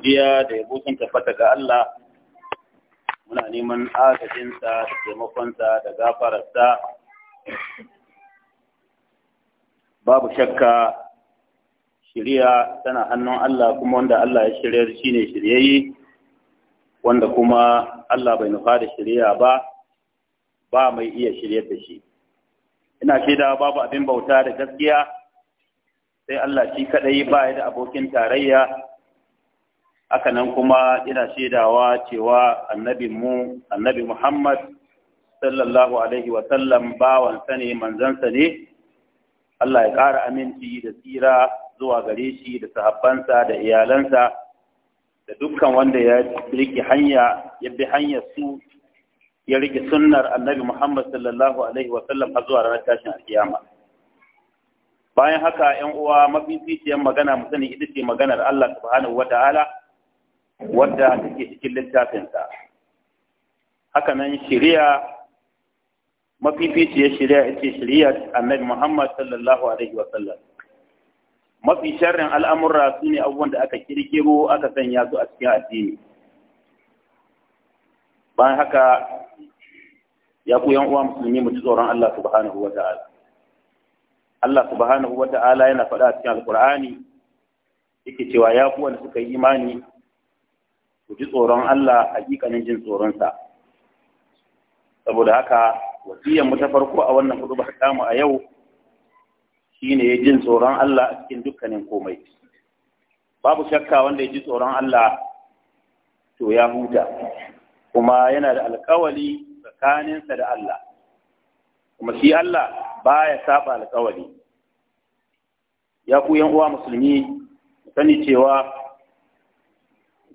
Biya da ya sun tabbata ga Allah muna neman agajinsa da taimakonsa da gafararsa babu shakka shirya tana hannun Allah kuma wanda Allah ya shirya ne shine shiryayi wanda kuma Allah bai nufa da shirya ba ba mai iya shirya da shi ina shaida babu abin bauta da gaskiya sai Allah shi kadai ba ya da abokin tarayya haka nan kuma ina shaidawa cewa mu annabi Muhammad sallallahu alaihi wa sallam bawansa ne manzansa ne Allah ya ƙara aminci da tsira zuwa gare shi da sahabbansa da iyalansa da dukkan wanda ya rike hanya ya bi hanyar su ya rike sunnar annabi Muhammad sallallahu alaihi wa sallam har zuwa ranar tashin alkiyama bayan haka 'yan uwa mafi mafificiyar magana mu sani ita ce maganar Allah subhanahu wa ta'ala wadda take cikin littafinsa haka nan shari'a mafificiyar shari'a ita shari'a annabi Muhammad sallallahu alaihi wa sallam mafi sharrin al'amura su ne abubuwan da aka kirkiro aka sanya su a cikin addini bayan haka ya ku yan uwa musulmi mu ci tsoron Allah subhanahu wa ta'ala Allah subhanahu wa ta'ala yana faɗa a cikin alqur'ani yake cewa ya ku wanda suka yi imani ku ji tsoron Allah hakikanin jin tsoronsa saboda haka wasiyan mu ta farko a wannan hudu ta mu a yau shine ya jin tsoron Allah a cikin dukkanin komai babu shakka wanda ya ji tsoron Allah to ya huta kuma yana da alkawali tsakaninsa da Allah kuma shi Allah baya saba alkawali ya ku uwa musulmi sani cewa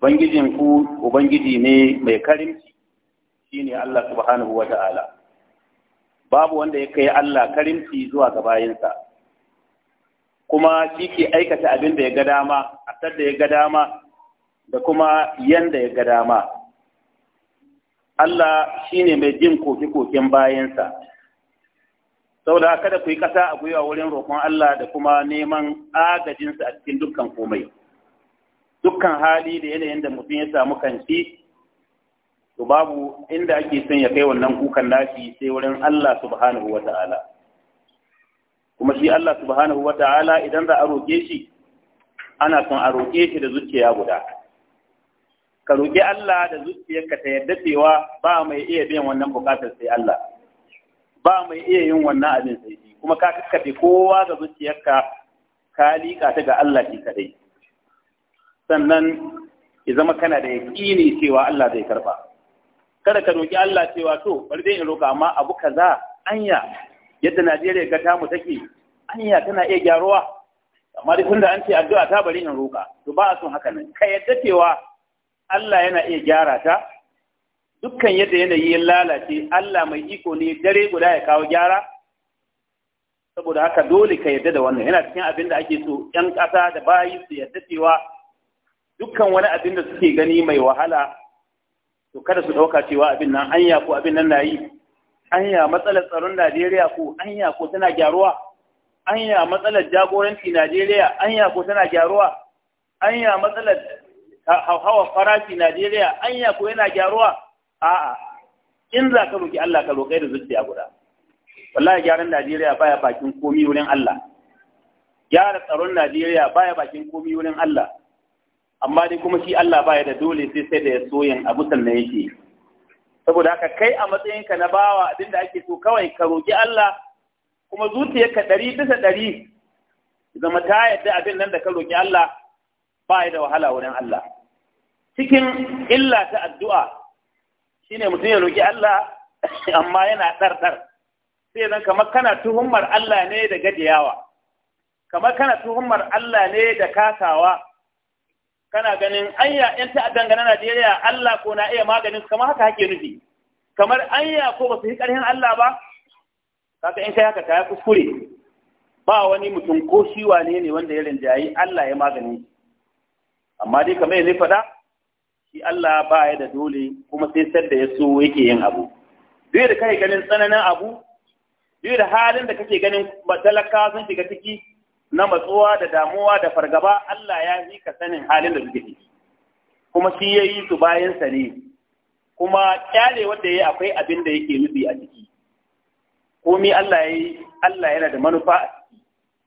ubangijin ku ubangiji ne mai karimci shine Allah subhanahu wata'ala babu wanda ya kai Allah karimci zuwa ga bayansa. kuma shi ke aikata abin da ya ga dama a da ya ga dama da kuma yanda ya ga dama Allah shi ne mai jin koke-koken bayansa saboda kada ku yi ƙasa a gwiwa wurin roƙon Allah da kuma neman agajinsa a cikin dukkan komai. dukkan hali da yanayin da mutum ya samu kanci to babu inda ake son ya kai wannan kukan nashi sai wurin Allah subhanahu wa ta'ala kuma shi Allah subhanahu wa ta'ala idan za a roƙe shi ana son a roƙe shi da zuciya guda ka roƙi Allah da zuciyarka ta yarda cewa ba mai iya biyan wannan buƙatar sai Allah ba mai iya yin wannan abin sai kuma ka kakkafe kowa ga zuciyarka ka liƙa ta ga Allah shi kadai sannan ya zama kana da yaƙini cewa Allah zai karba kada ka roƙi Allah cewa to bari dai in roƙa. amma abu kaza anya yadda Najeriya ga tamu take anya tana iya gyaruwa amma tun tunda an ce addu'a ta bari in roƙa, to ba a son haka nan ka yadda cewa Allah yana iya gyara ta dukkan yadda yanayi ya lalace Allah mai iko ne dare guda ya kawo gyara saboda haka dole ka yadda da wannan yana cikin abin da ake so 'yan ƙasa da bayi su yadda cewa dukkan wani abin da suke gani mai wahala to kada su ɗauka cewa abin nan anya ko abin nan na yi anya matsalar tsaron Najeriya ko anya ko tana gyaruwa anya matsalar jagoranci Najeriya anya ko tana gyaruwa anya matsalar hawa farashi Najeriya anya ko yana gyaruwa a'a in za ka roki Allah ka roƙai da zuciya guda wallahi gyaran Najeriya baya bakin komi wurin Allah gyara tsaron Najeriya baya bakin komi wurin Allah amma dai kuma shi Allah baya da dole sai sai da ya yin abu sannan yake saboda haka kai a matsayinka na bawa abin da ake so kawai ka roki Allah kuma zuciyarka ɗari bisa ɗari zama ta yadda abin nan da ka roki Allah ba ya da wahala wurin Allah cikin illa ta addu'a shine mutum ya roki Allah amma yana ɗarɗar sai zan kamar kana tuhumar Allah ne da gadiyawa. kamar kana tuhumar Allah ne da kasawa kana ganin anya in ta'addan dangana Najeriya Allah ko na iya maganin su kamar haka hake nufi kamar anya ko ba su yi ƙarfin Allah ba kaga in kai haka ta kuskure ba wani mutum ko shi wane ne wanda ya rinjayi Allah ya magani amma dai kamar yanzu faɗa shi Allah ba ya da dole kuma sai sadda ya so yake yin abu duk da kai ganin tsananin abu duk da halin da kake ganin matalaka sun shiga ciki na matsuwa da damuwa da fargaba Allah ya yi ka sanin halin da suke ciki kuma shi ya yi su bayansa ne kuma kyale wanda ya akwai abin da yake nufi a ciki komi Allah ya yi Allah yana da manufa a ciki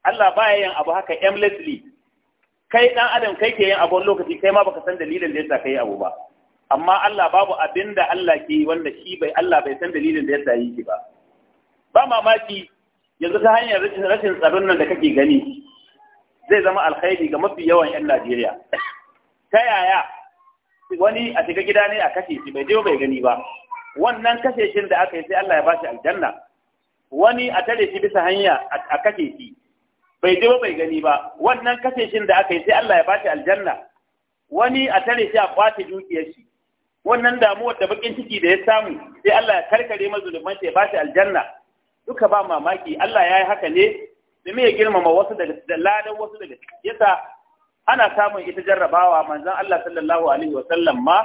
Allah baya yin abu haka aimlessly kai dan adam kai ke yin abu lokaci kai ma baka san dalilin da yasa kai abu ba amma Allah babu abin da Allah ke yi wanda shi bai Allah bai san dalilin da yasa yi ba ba mamaki yanzu ta hanyar rashin tsaron nan da kake gani zai zama alkhairi ga mafi yawan 'yan Najeriya. Ta yaya wani a shiga gida ne a kashe shi bai je bai gani ba. Wannan kashe shi da aka yi sai Allah ya bashi aljanna. Wani a tare shi bisa hanya a kashe shi bai je bai gani ba. Wannan kashe shi da aka yi sai Allah ya bashi aljanna. Wani a tare shi a kwace dukiyar shi. Wannan damuwar da bakin ciki da ya samu sai Allah ya karkare mazuluman shi ya bashi aljanna. duka ba mamaki Allah ya yi haka ne domin ya girmama wasu daga da ladan wasu daga yasa ana samun ita jarrabawa manzon Allah sallallahu alaihi wa sallam ma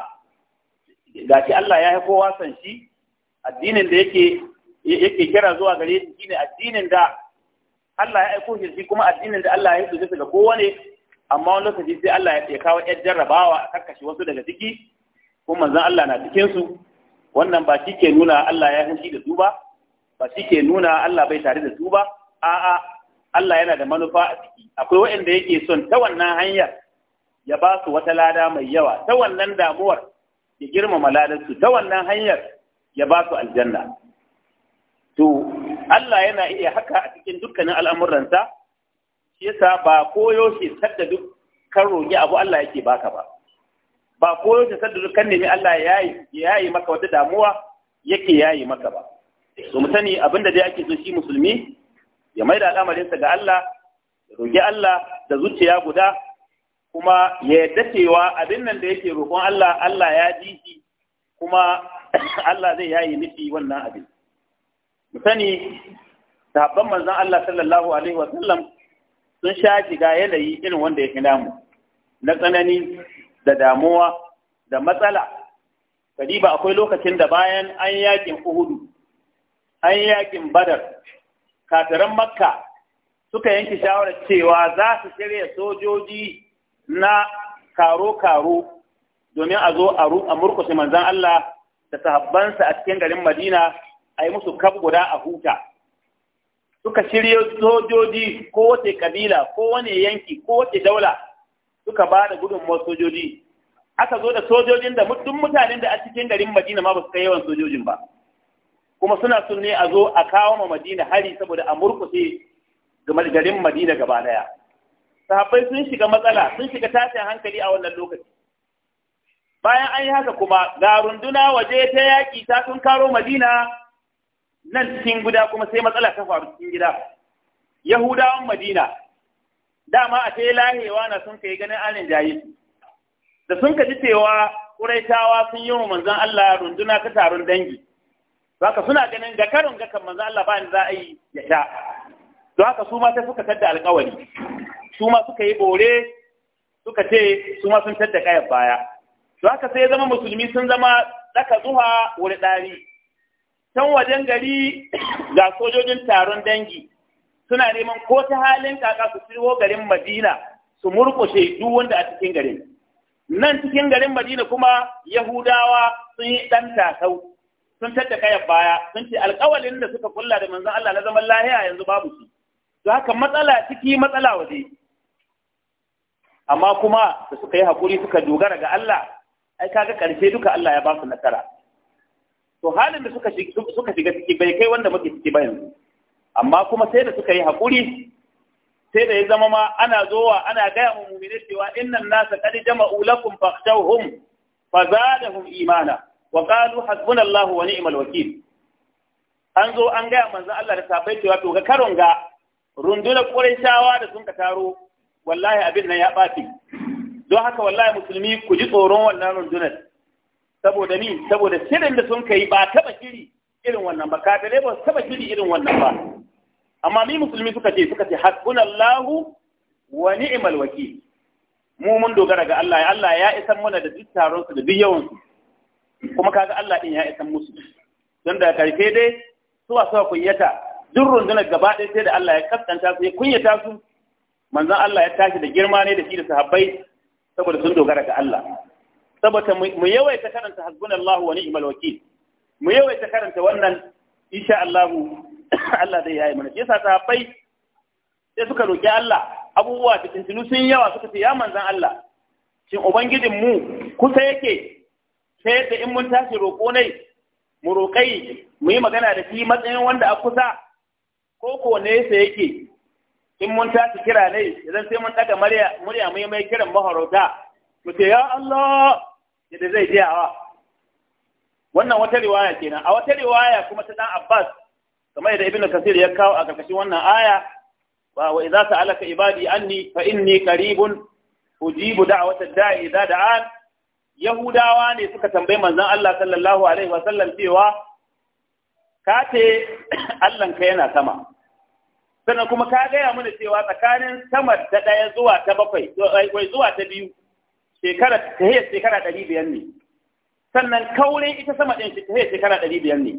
gashi Allah ya yi kowa san shi addinin da yake yake kira zuwa gare shi shine addinin da Allah ya aiko shi kuma addinin da Allah ya yi su ga kowa ne amma wani lokaci sai Allah ya kawo ƴan jarrabawa a karkashi wasu daga ciki kuma manzon Allah na cikin su wannan ba shi ke nuna Allah ya yi da su ba ba shi ke nuna Allah bai tare da su ba a'a Allah yana da manufa a ciki akwai waɗanda yake son ta wannan hanyar ya ba su wata lada mai yawa ta wannan damuwar ya girmama ladarsu ta wannan hanyar ya ba su aljanna to Allah yana iya haka a cikin dukkanin al'amuransa shi yasa ba koyo shi sadda duk kan roƙi abu Allah yake baka ba ba koyo shi sadda duk kan nemi Allah ya yi maka wata damuwa yake yayi maka ba So mutane abin abinda dai ake so shi musulmi ya mai da al'amarinsa ga Allah ya roƙi Allah da zuciya guda kuma ya yadda cewa abin nan da yake roƙon Allah Allah ya ji shi kuma Allah zai yayi nufi wannan abin mu sani sahabban manzon Allah sallallahu alaihi wa sallam sun sha shiga yanayi irin wanda ya fi mu na tsanani da damuwa da matsala kadiba akwai lokacin da bayan an yakin uhudu an yakin badar kafiran makka suka yanki shawarar cewa za su shirya sojoji na karo-karo domin a zo a murkushe manzan Allah da sahabbansa a cikin garin Madina a yi musu kaf guda a huta. Suka shirya sojoji ko wace kabila ko wane yanki ko wace daula suka ba da gudunmuwar sojoji. Aka zo da sojojin da duk mutanen da a cikin garin Madina ma ba su kai yawan sojojin ba. kuma suna son ne a zo a kawo ma madina hari saboda a murkushe garin madina gaba daya sahabbai sun shiga matsala sun shiga tashin hankali a wannan lokaci bayan an yi haka kuma ga runduna waje ta yaƙi ta sun karo madina nan cikin guda kuma sai matsala ta faru cikin gida yahudawan madina dama a ta lahewa na sun kai ganin alin jayi da sun ka ji cewa ƙuraitawa sun yi wa manzon Allah runduna ta taron dangi haka suna ganin ga karin ga kan manzo Allah ba ni za a yi ya sha don haka su ma sai suka tadda alƙawari su ma suka yi bore suka ce su ma sun tadda kayan baya don haka sai ya zama musulmi sun zama daka zuwa wuri ɗari can wajen gari ga sojojin taron dangi suna neman ko ta halin kaka su shirwo garin madina su murƙushe duk wanda a cikin garin nan cikin garin madina kuma yahudawa sun yi ɗan tasau sun tadda kaya baya sun ce alƙawalin da suka kulla da manzon Allah na zaman lahiya yanzu babu shi to haka matsala ciki matsala waje amma kuma da suka yi hakuri suka dogara ga Allah ai kaga karfe duka Allah ya ba su nasara to halin da suka suka shiga ciki bai kai wanda muke ciki ba yanzu amma kuma sai da suka yi hakuri sai da ya zama ma ana zowa ana gaya mu mu'mini cewa innan nasa qad jama'u lakum fakhshawhum fazadahum imana wa qalu hasbunallahu wa ni'mal wakil an zo an gaya manzon Allah da sabai cewa to ga karon ga rundunar shawa da sun ka taro wallahi abin nan ya ɓaci don haka wallahi musulmi ku ji tsoron wannan rundunar saboda ni saboda shirin da sun ka yi ba taɓa shiri irin wannan ba kafirai ba taɓa shiri irin wannan ba amma ni musulmi suka ce suka ce hasbunallahu wa ni'mal wakil mu mun dogara ga Allah Allah ya isar mana da duk taron su da duk yawan su kuma kaga Allah din ya isan musu don da karfe dai suwa suwa kunyata duk rundunar gaba ɗaya sai da Allah ya kaskanta su ya kunyata su manzon Allah ya tashi da girma ne da shi da sahabbai saboda sun dogara ga Allah saboda mu yawaita karanta hasbunallahu wa ni'mal wakil mu yawaita karanta wannan insha Allah Allah zai yayi mana yasa sahabbai sai suka roki Allah abubuwa da tuntunu sun yawa suka ce ya manzon Allah shin ubangijin mu kusa yake ta yadda in mun tashi roƙo nai mu roƙai mu yi magana da shi matsayin wanda a kusa ko ko nesa yake in mun tashi kira nai idan sai mun ɗaga murya mu yi mai kiran maharauta mu ce ya Allah yadda zai je awa wannan wata riwaya kenan a wata riwaya kuma ta ɗan Abbas kamar yadda Ibn Kasir ya kawo a karkashin wannan aya wa wa idza sa'alaka ibadi anni fa inni qaribun ujibu da'watad da'i idza da'an Yahudawa ne suka tambayi manzon Allah sallallahu alaihi wa sallam cewa ka ce Allahnka yana sama. Sannan kuma ka gaya mana cewa tsakanin sama ta ɗaya zuwa ta bakwai, eh, wai zuwa ta biyu, shekara ta hiyar shekara ɗari biyar ne. Sannan kaurin ita sama ɗin ta hiyar shekara ɗari biyar ne.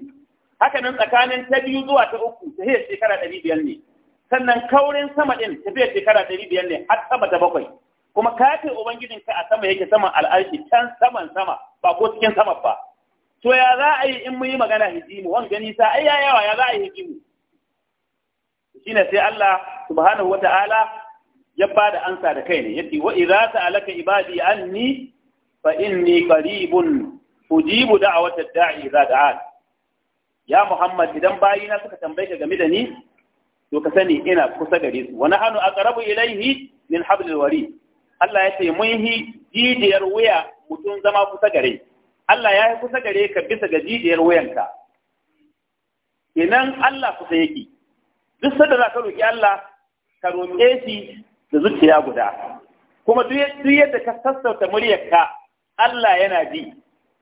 Haka nan tsakanin ta biyu zuwa ta uku ta hiyar shekara ɗari biyar ne. Sannan kaurin sama ɗin ta hiyar shekara ɗari biyar ne har sama ta bakwai. kuma katin ka a sama yake saman al'arshi can saman sama ba ko cikin sama ba to ya za a yi in mun yi magana hijimu wani gani sa ai ya yawa ya za a yi hijimu shine sai Allah subhanahu ta'ala ya ba da ansa da kai ne yace wa idza ta'alaka ibadi anni fa inni qaribun ujibu da'wata da'i idza da'an ya Muhammad idan bayina suka tambaye ka game da ni to ka sani ina kusa gare su wa nahnu aqrabu ilayhi min hablil warid Allah ya ce mun yi jijiyar wuya mutum zama kusa gare Allah ya yi kusa gare ka bisa ga jijiyar wuyanka kenan Allah kusa yake duk sanda za ka roƙi Allah ka roƙe shi da zuciya guda kuma duk yadda ka sassauta muryarka Allah yana ji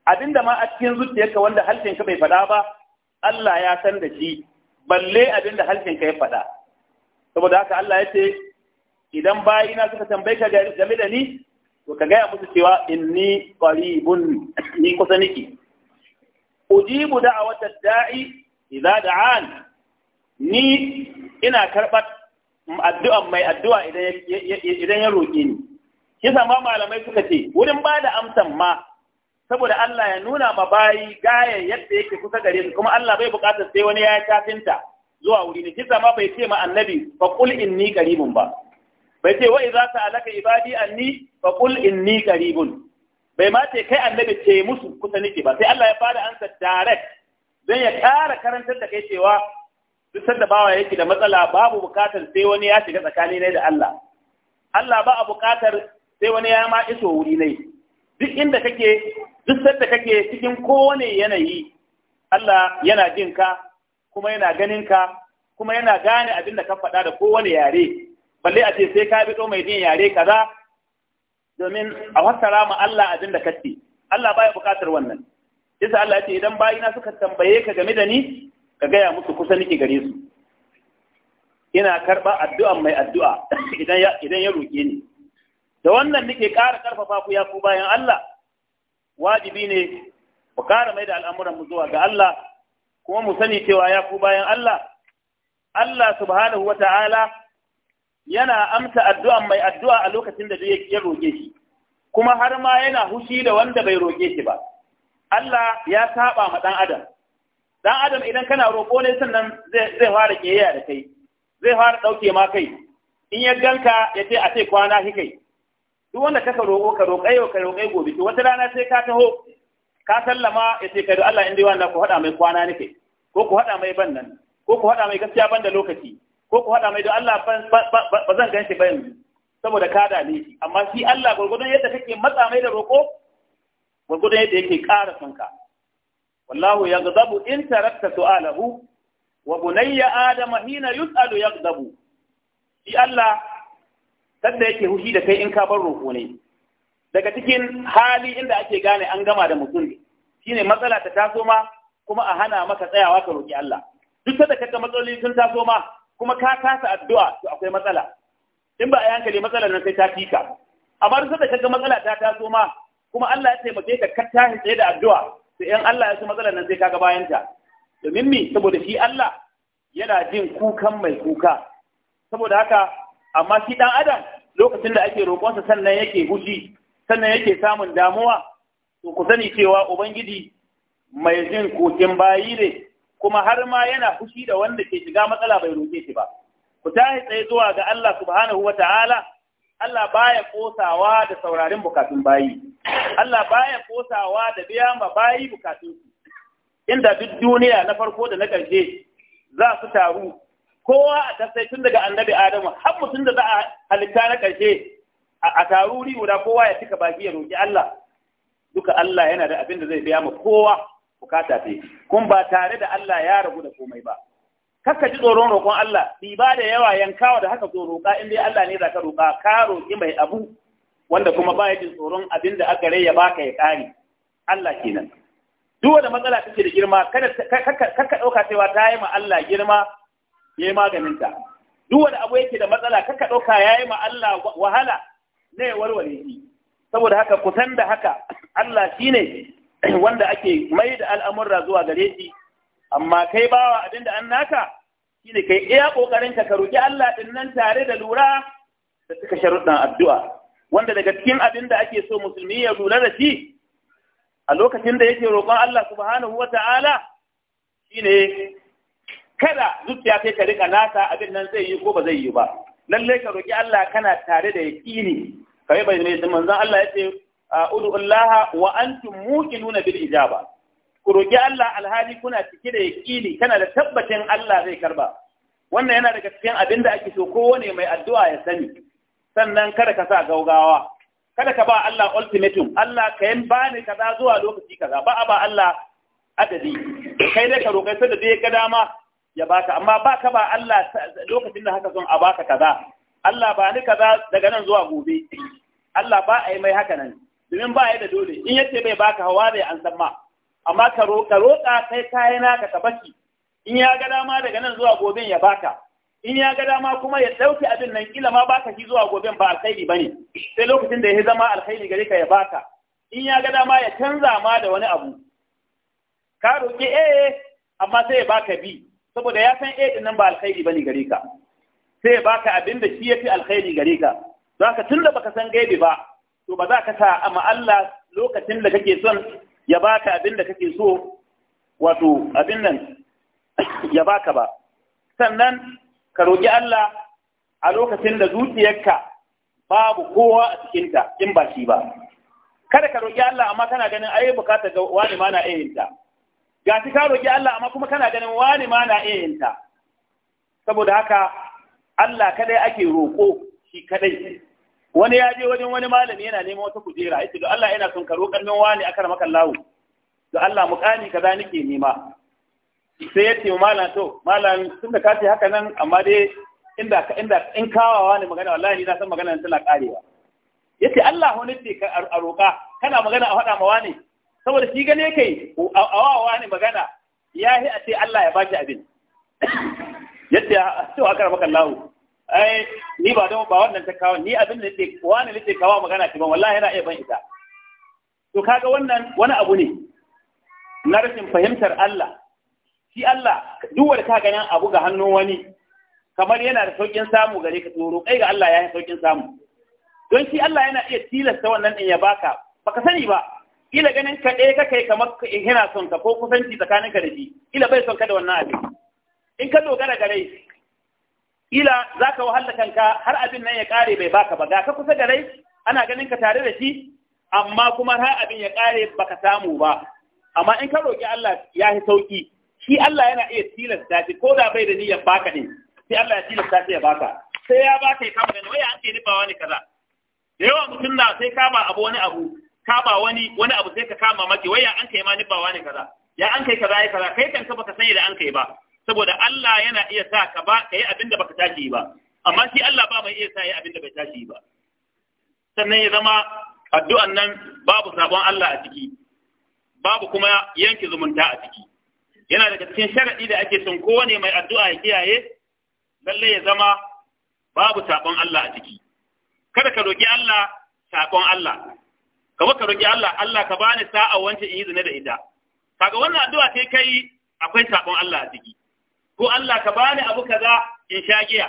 abinda ma a cikin zuciyarka wanda halshenka bai faɗa ba Allah ya san da shi balle abinda halshenka ya faɗa saboda haka Allah ya ce idan bayina suka tambayi ka game da ni to ka gaya musu cewa inni qaribun ni kusa niki ujibu da'awata da'i idza da'an ni ina karbar addu'an mai addu'a idan ya roƙe ni kisa ma malamai suka ce wurin ba da amsan ma saboda Allah ya nuna ma bayi gaya yadda yake kusa gare su kuma Allah bai bukatar sai wani ya kafinta zuwa wuri ne kisa ma bai ce ma annabi fa qul inni qaribun ba bai ce wai za ta alaka ibadi anni fa qul inni qaribun bai ma ce kai annabi ce musu kusa nake ba sai Allah ya fara ansa direct dan ya kara karantar da kai cewa duk sanda bawa yake da matsala babu bukatar sai wani ya shiga tsakani ne da Allah Allah ba a bukatar sai wani ya ma iso wuri ne duk inda kake duk sanda kake cikin kowane yanayi Allah yana jin ka kuma yana ganin ka kuma yana gane abin da ka faɗa da kowane yare balle a ce sai ka bi mai din yare kaza domin a fassara ma Allah abin da kace Allah baya bukatar wannan yasa Allah ya ce idan bayina suka tambaye ka game da ni ka gaya musu kusa niki gare su ina karba addu'an mai addu'a idan ya idan ya roke ni da wannan nake ƙara karfafa ku ya ku bayan Allah wajibi ne mu ƙara mai da al'amuran mu zuwa ga Allah kuma mu sani cewa ya ku bayan Allah Allah subhanahu ta'ala. yana amsa addu'an mai addu'a a lokacin da ya roƙe shi kuma har ma yana hushi da wanda bai roƙe shi ba Allah ya saba ma ɗan adam Ɗan adam idan kana roƙo ne sannan zai fara kiyaya da kai zai fara ɗauke ma kai in ya ganka ya ce a ce kwana shi kai duk wanda kaka roƙo ka roƙai yau ka roƙai gobe to wata rana sai ka taho ka sallama ya ce kai da Allah in dai wannan ku haɗa mai kwana kai, ko ku haɗa mai ban nan ko ku haɗa mai gaskiya ban da lokaci ko ku haɗa mai don Allah ba zan ganshi ba yanzu saboda ka dame shi amma shi Allah gwargwadon yadda kake matsa mai da roƙo gwargwadon yadda yake ƙara sunka wallahu gazabu in tarakta su'alahu wa bunayya adama hina yus'alu yaghdabu shi Allah sanda yake hushi da kai in ka bar roƙo ne daga cikin hali inda ake gane an gama da mutum shine matsala ta taso ma kuma a hana maka tsayawa ka roƙi Allah duk da kaga matsaloli sun taso ma kuma ka kasa addu'a to akwai matsala in ba a yi hankali matsalar nan sai ta fika amma duk da kaga matsala ta taso ma kuma Allah ya taimake ka ka tashi tsaye da addu'a to in Allah ya so matsalar nan sai kaga bayan ta domin me saboda shi Allah yana jin kukan mai kuka saboda haka amma shi dan adam lokacin da ake roƙonsa sannan yake huji sannan yake samun damuwa to ku sani cewa ubangiji mai jin kokin bayi ne kuma har ma yana fushi da wanda ke shiga matsala bai roke shi ba ku tahi tsaye zuwa ga Allah subhanahu wa Ta'ala. Allah baya kosawa da saurarin bukatun bayi Allah baya kosawa da biya ma bayi bukatun su inda duk duniya na farko da na ƙarshe za su taru kowa a tasai tun daga annabi Adamu har mutum da za a halitta na ƙarshe a taruri kowa ya cika baki ya roƙi Allah duka Allah yana da abin da zai biya ma kowa bukata ce kun ba tare da Allah ya rabu da komai ba Kaka ji tsoron roƙon Allah ba da yawa yankawa da haka zo roƙa in dai Allah ne zaka roƙa ka roƙi mai abu wanda kuma ba ya jin tsoron abinda da aka ya baka ya ƙare Allah kenan duk wanda matsala take da girma kada ɗauka cewa ta yi ma Allah girma ya yi maganin ta duk wanda abu yake da matsala kaka ɗauka ya yi ma Allah wahala ne warware shi saboda haka kusan da haka Allah shine wanda ake mai da al'amurra zuwa gare shi amma kai bawa abinda an naka shine kai iya kokarin ka roki Allah ɗin nan tare da lura da suka sharuɗan addu'a wanda daga cikin abin da ake so musulmi ya lura da shi a lokacin da yake roƙon Allah subhanahu wa ta'ala shi ne. kada zuciya kai ka rika nasa abin nan zai yi ko ba zai yi ba lallai ka roki Allah kana tare da yaƙini kai bai ne manzon Allah ya ce ud'u Allah wa antum nuna bil ba. ku roki Allah alhali kuna cike da yaqini kana da tabbacin Allah zai karba wannan yana daga cikin abin da ake so kowane mai addu'a ya sani sannan kada ka sa gaugawa kada ka ba Allah ultimatum Allah ka kaza zuwa lokaci kaza ba a ba Allah adadi kai dai ka roƙai sai da dai ga dama ya baka amma baka ba Allah lokacin da haka son a baka kaza Allah ba ni kaza daga nan zuwa gobe Allah ba a yi mai haka nan domin ba ya da dole in ce bai baka hawa da an san ma amma ka roƙa kai kayan naka ka baki in ya ga dama daga nan zuwa goben ya baka in ya ga dama kuma ya ɗauki abin nan kila ma baka shi zuwa goben ba alkhairi bane sai lokacin da ya zama alkhairi gare ka ya baka in ya ga dama ya canza ma da wani abu ka roƙi A, amma sai ya baka bi saboda ya san A din nan ba alkhairi bane gare ka sai ya baka abin da shi yafi alkhairi gare ka don haka tunda baka san gaibi ba to ba za ka sa amma Allah lokacin da kake son ya baka abin da kake so wato abin nan ya baka ba sannan ka roƙi Allah a lokacin da zuciyarka babu kowa a cikinta in ba shi ba kada ka roƙi Allah amma kana ganin ai bukata ga wani ma na ta. ga shi ka roƙi Allah amma kuma kana ganin wani ma na ta. saboda haka Allah kadai ake roƙo shi kadai wani ya je wajen wani malami yana neman wata kujera yace to Allah yana son karo karmin wani akar maka lawo to Allah mukami kaza nake nema sai yace malam to malam tunda ka ce haka nan amma dai inda inda in kawawa ne magana wallahi ni na san magana tana karewa yace Allah wani ce ka a roƙa kana magana a faɗa ma wani saboda shi gane kai a wa wani magana ya a ce Allah ya baki abin yace to akar maka lawo ai ni ba don ba wannan ta kawo ni abin da nake ne nake kawo magana ce ban wallahi yana iya ban ita to kaga wannan wani abu ne na rashin fahimtar Allah shi Allah duk wanda ka ganin abu ga hannun wani kamar yana da saukin samu gare ka tsoro kai ga Allah ya yi saukin samu don shi Allah yana iya tilasta wannan din ya baka baka sani ba ila ganin ka ɗaya ka kai kamar eh, yana son ka ko kusanci ka da shi ila bai son ka da wannan abin in ka dogara gare ila za ka wahala kanka har abin nan ya ƙare bai baka ba ga ka kusa da rai ana ganin ka tare da shi amma kuma har abin ya ƙare baka samu ba amma in ka roƙi Allah ya yi sauƙi shi Allah yana iya tilasta shi ko da bai da niyyar baka ne sai Allah ya tilasta shi ya baka sai ya baka ya kama gani wai an ce ni ba wani kaza da yawa mutum na sai kama abu wani abu kama wani wani abu sai ka kama maki waya an kai ma ni ba wani kaza ya an kai kaza ya kaza kai kanka baka sani da an kai ba saboda Allah yana iya sa ka ba ka yi abin da baka tashi ba amma shi Allah ba mai iya sa yi abin bai tashi ba sannan ya zama addu'an nan babu sabon Allah a ciki babu kuma yanke zumunta a ciki yana daga cikin sharadi da ake son kowane mai addu'a ya kiyaye lalle ya zama babu sabon Allah a ciki kada ka roki Allah sabon Allah kaba ka roki Allah Allah ka bani sa'a wancan in yi zina da ita kaga wannan addu'a sai kai akwai sabon Allah a ciki ko Allah ka bani abu kaza in sha giya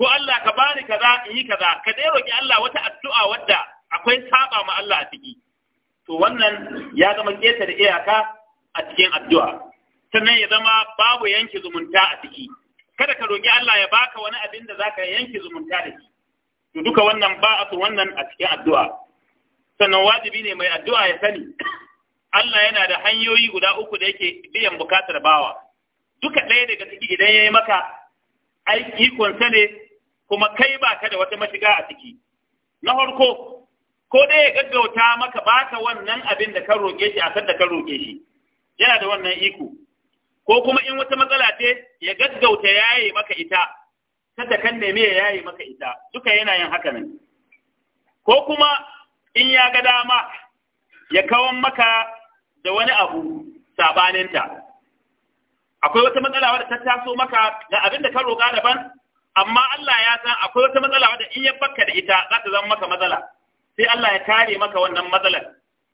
ko Allah ka bani kaza in yi kaza ka dai roki Allah wata addu'a wadda akwai saba ma Allah a ciki to wannan ya zama keta da iyaka a cikin addu'a sannan ya zama babu yanke zumunta a ciki kada ka roki Allah ya baka wani abin da zaka yanke zumunta da shi to duka wannan ba a wannan a cikin addu'a sannan wajibi ne mai addu'a ya sani Allah yana da hanyoyi guda uku da yake biyan bukatar bawa duka ɗaya daga ciki idan ya yi maka aiki ikonsa ne kuma kai ba ka da wata mashiga a ciki na farko ko dai ya gaggauta maka baka wannan abin da ka roƙe shi a kan da ka roƙe shi yana da wannan iko ko kuma in wata matsala ce ya gaggauta yaye maka ita ta kan neme ya yaye maka ita duka yana yin haka nan ko kuma in ya ga dama ya kawan maka da wani abu saɓaninta. akwai wata matsala wadda ta taso maka ga abin da ka roƙa daban amma Allah ya san akwai wata matsala wadda in ya baka da ita za ta zama maka matsala sai Allah ya kare maka wannan matsalar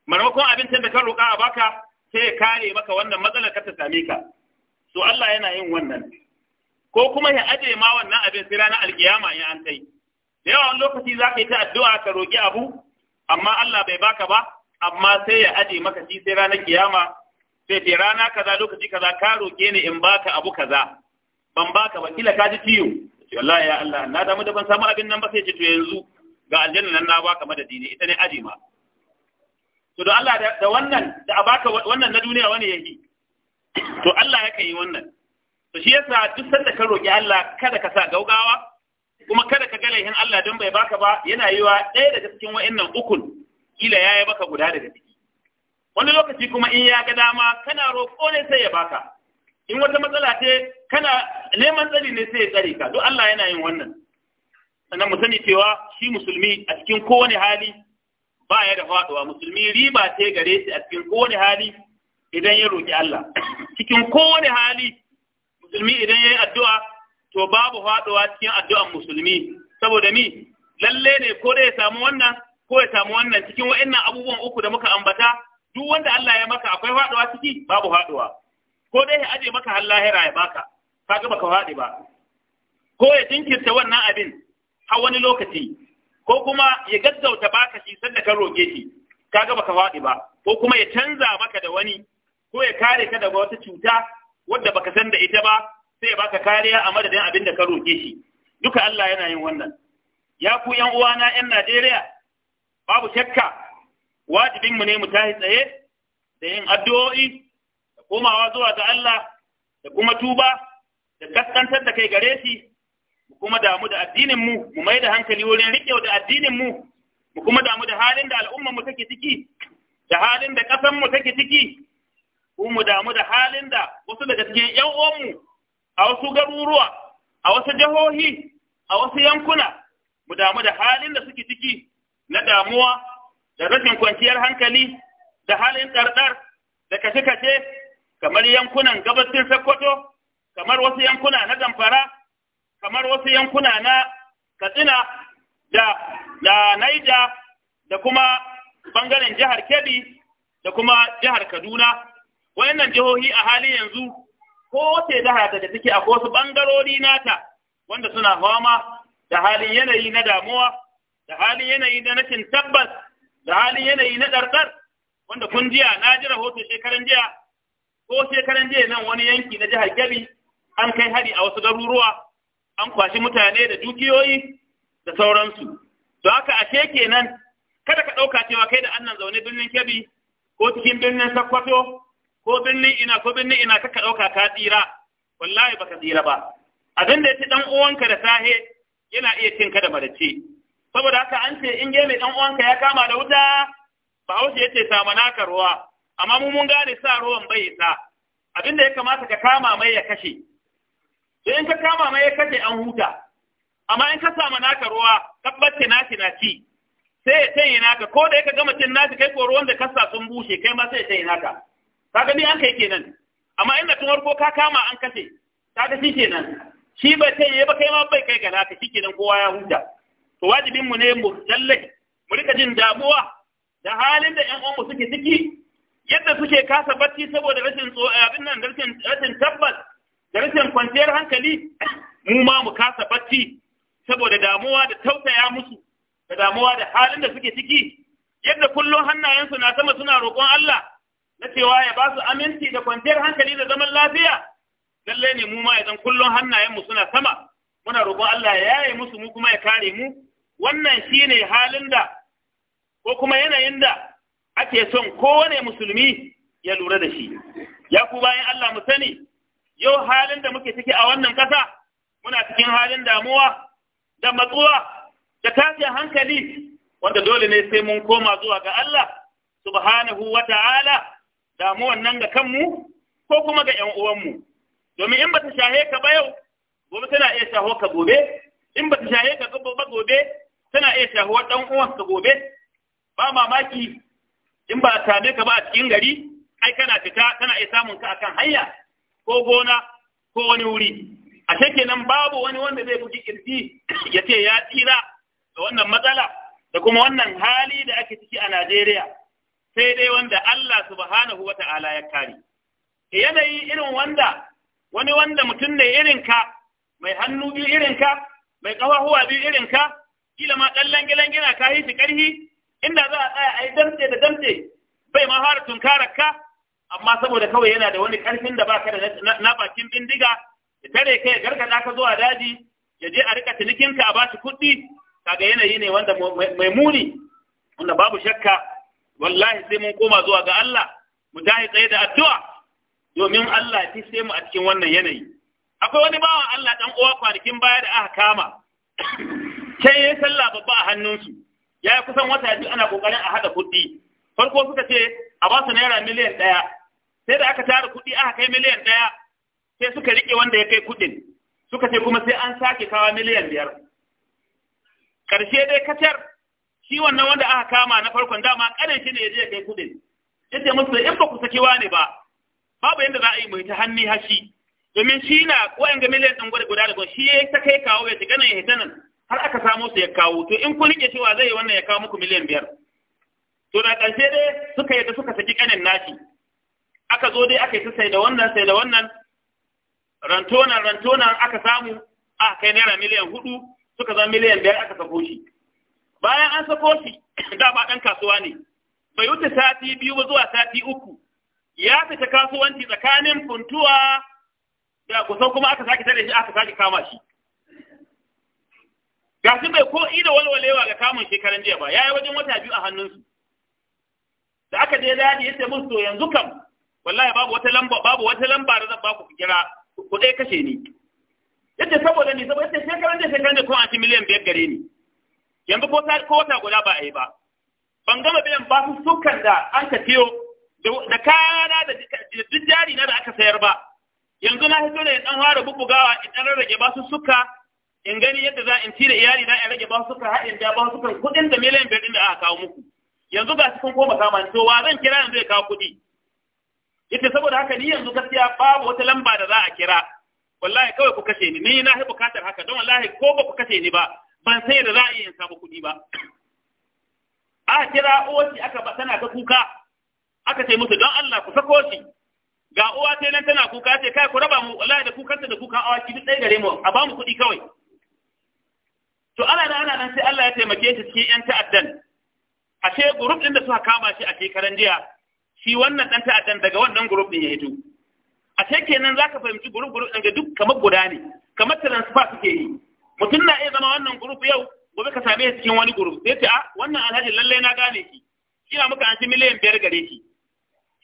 maimakon abincin da ka roƙa a baka sai ya kare maka wannan matsalar ka ta same ka so Allah yana yin wannan ko kuma ya aje ma wannan abin sai ranar alkiyama in an kai da yawan lokaci za ka yi ta addu'a ka roƙi abu amma Allah bai baka ba amma sai ya aje maka shi sai ranar kiyama sai ce rana kaza lokaci kaza ka roke ni in baka abu kaza ban baka ba kila ka ji ciwo sai wallahi ya Allah na damu da ban samu abin nan ba sai ce to yanzu ga aljanna nan na baka madadini ita ne ajima to don Allah da wannan da a baka wannan na duniya wani yayi to Allah ya yi wannan to shi yasa duk sanda ka roki Allah kada ka sa gaugawa kuma kada ka galehin Allah don bai baka ba yana yiwa ɗaya daga cikin wa'annan ukun kila yayi baka guda daga ciki wani lokaci kuma in ya ga dama kana roƙo ne sai ya baka in wata matsala ce kana neman tsari ne sai ya tsare ka duk Allah yana yin wannan sannan mu sani cewa shi musulmi a cikin kowane hali ba ya da faɗuwa musulmi riba ce gare shi a cikin kowane hali idan ya roƙi Allah cikin kowane hali musulmi idan ya yi addu'a to babu faɗuwa cikin addu'an musulmi saboda ni lalle ne ko da ya samu wannan ko ya samu wannan cikin wa'annan abubuwan uku da muka ambata duk wanda Allah ya maka akwai faduwa ciki babu faduwa ko dai ya aje maka har lahira ya baka kaga baka fadi ba ko ya jinkirta wannan abin har wani lokaci ko kuma ya gaggauta baka shi sanda ka roke shi kaga baka fadi ba ko kuma ya canza maka da wani ko ya kare ka daga wata cuta wadda baka san da ita ba sai ya baka kariya a madadin abin da ka roke shi duka Allah yana yin wannan ya ku yan uwana yan Najeriya babu shakka wajibin mu ne mu tashi tsaye da yin addu'o'i da komawa zuwa ga Allah da kuma tuba da kaskantar da kai gare shi mu kuma damu da addinin mu mu mai da hankali wurin riƙe da addinin mu mu kuma damu da halin da al'ummar mu take ciki da halin da ƙasar mu take ciki ku mu damu da halin da wasu daga cikin ƴan uwanmu a wasu garuruwa a wasu jihohi a wasu yankuna mu damu da halin da suke ciki na damuwa da rashin kwanciyar hankali da halin ɗarɗar da kashe-kashe kamar yankunan gabashin Sokoto, kamar wasu yankuna na Zamfara, kamar wasu yankuna na Katsina da da Naija da kuma bangaren jihar Kebbi da kuma jihar Kaduna. Wayannan jihohi a hali yanzu ko ce da daga take a wasu bangarori nata wanda suna fama da halin yanayi na damuwa da halin yanayi na rashin tabbas da halin yanayi na ɗarɗar wanda kun jiya na ji rahoto shekaran jiya ko shekaran jiya nan wani yanki na jihar Kebbi an kai hari a wasu garuruwa an kwashi mutane da dukiyoyi da sauransu to haka ashe kenan kada ka ɗauka cewa kai da annan zaune birnin Kebbi ko cikin birnin Sokoto ko birnin ina ko birnin ina kaka ɗauka ka tsira wallahi baka tsira ba abin da ya ci ɗan uwanka da sahe yana iya cin ka da marace saboda haka an ce in gemi ɗan uwanka ya kama da wuta bahaushe ya ce sama naka ruwa amma mu mun gane sa ruwan bai isa Abinda ya kamata ka kama mai ya kashe sai in ka kama mai ya kashe an huta amma in ka samu naka ruwa tabbace nashi na ci sai ya tanye naka ko da ya gama cin nashi kai ko ruwan da kasa sun bushe kai ma sai ya tanye naka ka gani an kai kenan amma inda tun farko ka kama an kashe Ta ga shi kenan shi bai tanye ba kai ma bai kai ga naka shi kenan kowa ya huta to wajibin mu ne mu lalle mu rika jin damuwa da halin da ƴan uwan suke ciki yadda suke kasa bacci saboda rashin abin nan rashin tabbas da rashin kwanciyar hankali mu ma mu kasa bacci saboda damuwa da tausaya musu da damuwa da halin da suke ciki yadda kullum hannayensu na sama suna roƙon Allah na cewa ya ba su aminci da kwanciyar hankali da zaman lafiya lalle ne mu ma idan kullum hannayenmu suna sama muna roƙon Allah ya yaye musu mu kuma ya kare mu wannan shine halin da ko kuma yanayin da ake son kowane musulmi ya lura da shi ya ku bayan Allah mu sani yau halin da muke ciki a wannan ƙasa muna cikin halin damuwa da matsuwa da tashin hankali wanda dole ne sai mun koma zuwa ga Allah subhanahu wa ta'ala damuwan nan ga kanmu ko kuma ga 'yan uwanmu domin in ba ta shahe ka ba yau gobe tana iya shaho ka gobe in ba ta shahe ka gobe gobe tana iya shahuwar ɗan uwansa gobe ba mamaki in ba a same ka ba a cikin gari ai kana fita tana iya samun ka akan hanya ko gona ko wani wuri a kenan babu wani wanda zai bugi kirji ya ce ya tsira da wannan matsala da kuma wannan hali da ake ciki a Najeriya sai dai wanda Allah subhanahu wa ta'ala ya kare yanayi irin wanda wani wanda mutum ne irinka mai hannu biyu irinka mai ƙafafuwa biyu irinka kila ma ɗan lange-lange na kayi shi ƙarfi, inda za a tsaya a yi damce da damce bai ma fara tunkara ka amma saboda kawai yana da wani ƙarfin da baka da na bakin bindiga ya tare kai gargaɗa ka zuwa daji ya je a rika ka a bashi kuɗi kaga yanayi ne wanda mai muni wanda babu shakka wallahi sai mun koma zuwa ga Allah mu tashi tsaye da addu'a domin Allah ya sai mu a cikin wannan yanayi akwai wani bawan Allah dan uwa kwanakin baya da aka kama sai yi sallah babba a hannunsu ya yi kusan wata biyu ana kokarin a hada kuɗi farko suka ce a ba su naira miliyan ɗaya sai da aka tara kuɗi aka kai miliyan ɗaya sai suka riƙe wanda ya kai kuɗin suka ce kuma sai an sake kawo miliyan biyar ƙarshe dai kacar shi wannan wanda aka kama na farkon dama ƙarin shi ne ya je ya kai kuɗin yadda musu in ba ku saki wani ba babu yadda za a yi mai ta hannu hashi domin shi na wayan ga miliyan ɗin guda da shi ya ta kai kawo ya shiga nan ya hita nan har aka samo su ya kawo to in kun rike cewa zai yi wannan ya kawo muku miliyan biyar to da ƙarshe dai suka yadda suka saki ƙanin nashi aka zo dai aka yi ta sai da wannan sai da wannan rantonan rantonan aka samu a kai naira miliyan hudu suka zama miliyan biyar aka sako shi bayan an sako shi da ba ɗan kasuwa ne bai wuce sati biyu ba zuwa sati uku ya fita kasuwanci tsakanin funtuwa da kusan kuma aka sake tare shi aka sake kama shi ga su bai ko ida walwalewa ga kamun shekaran jiya ba yayi wajen wata biyu a hannunsu da aka je ya yace musu to yanzu kam wallahi babu wata lamba babu wata lamba da zan ba ku kira ku dai kashe ni yace saboda ni saboda yace shekaran jiya shekaran jiya ko an ci miliyan biyar gare ni yanzu ko ko wata guda ba a yi ba ban gama biyan ba su sukan da an ka tiyo da kayana da duk jari na da aka sayar ba yanzu na hito ne dan fara bubugawa in dan rarrage ba su suka in gani yadda za in ci da iyali na in rage ba su kan haɗin da ba su kan kuɗin da miliyan biyar ɗin da aka kawo muku yanzu ga cikin koma kama to wa zan kira yanzu ya kawo kuɗi ita saboda haka ni yanzu gaskiya babu wata lamba da za a kira wallahi kawai ku kashe ni ni na yi bukatar haka don wallahi ko ba ku kashe ni ba ban sai da za a iya in samu kuɗi ba a kira uwarci aka ba tana ta kuka aka ce musu don Allah ku sako shi ga uwa ta nan tana kuka ce kai ku raba mu wallahi da kukanta da kukan awaki duk ɗaya gare mu a ba mu kuɗi kawai to ana da ana nan sai Allah ya taimake shi cikin yan ta'addan A ce group ɗin da suka kama shi a shekaran jiya shi wannan dan ta'addan daga wannan group din ya hito ce kenan zaka fahimci group group ɗin ga duk kamar guda ne kamar transfer suke yi mutum na iya zama wannan group yau gobe ka same shi cikin wani group sai ce a ah, wannan alhaji lallai na gane shi ina muka an miliyan biyar gare shi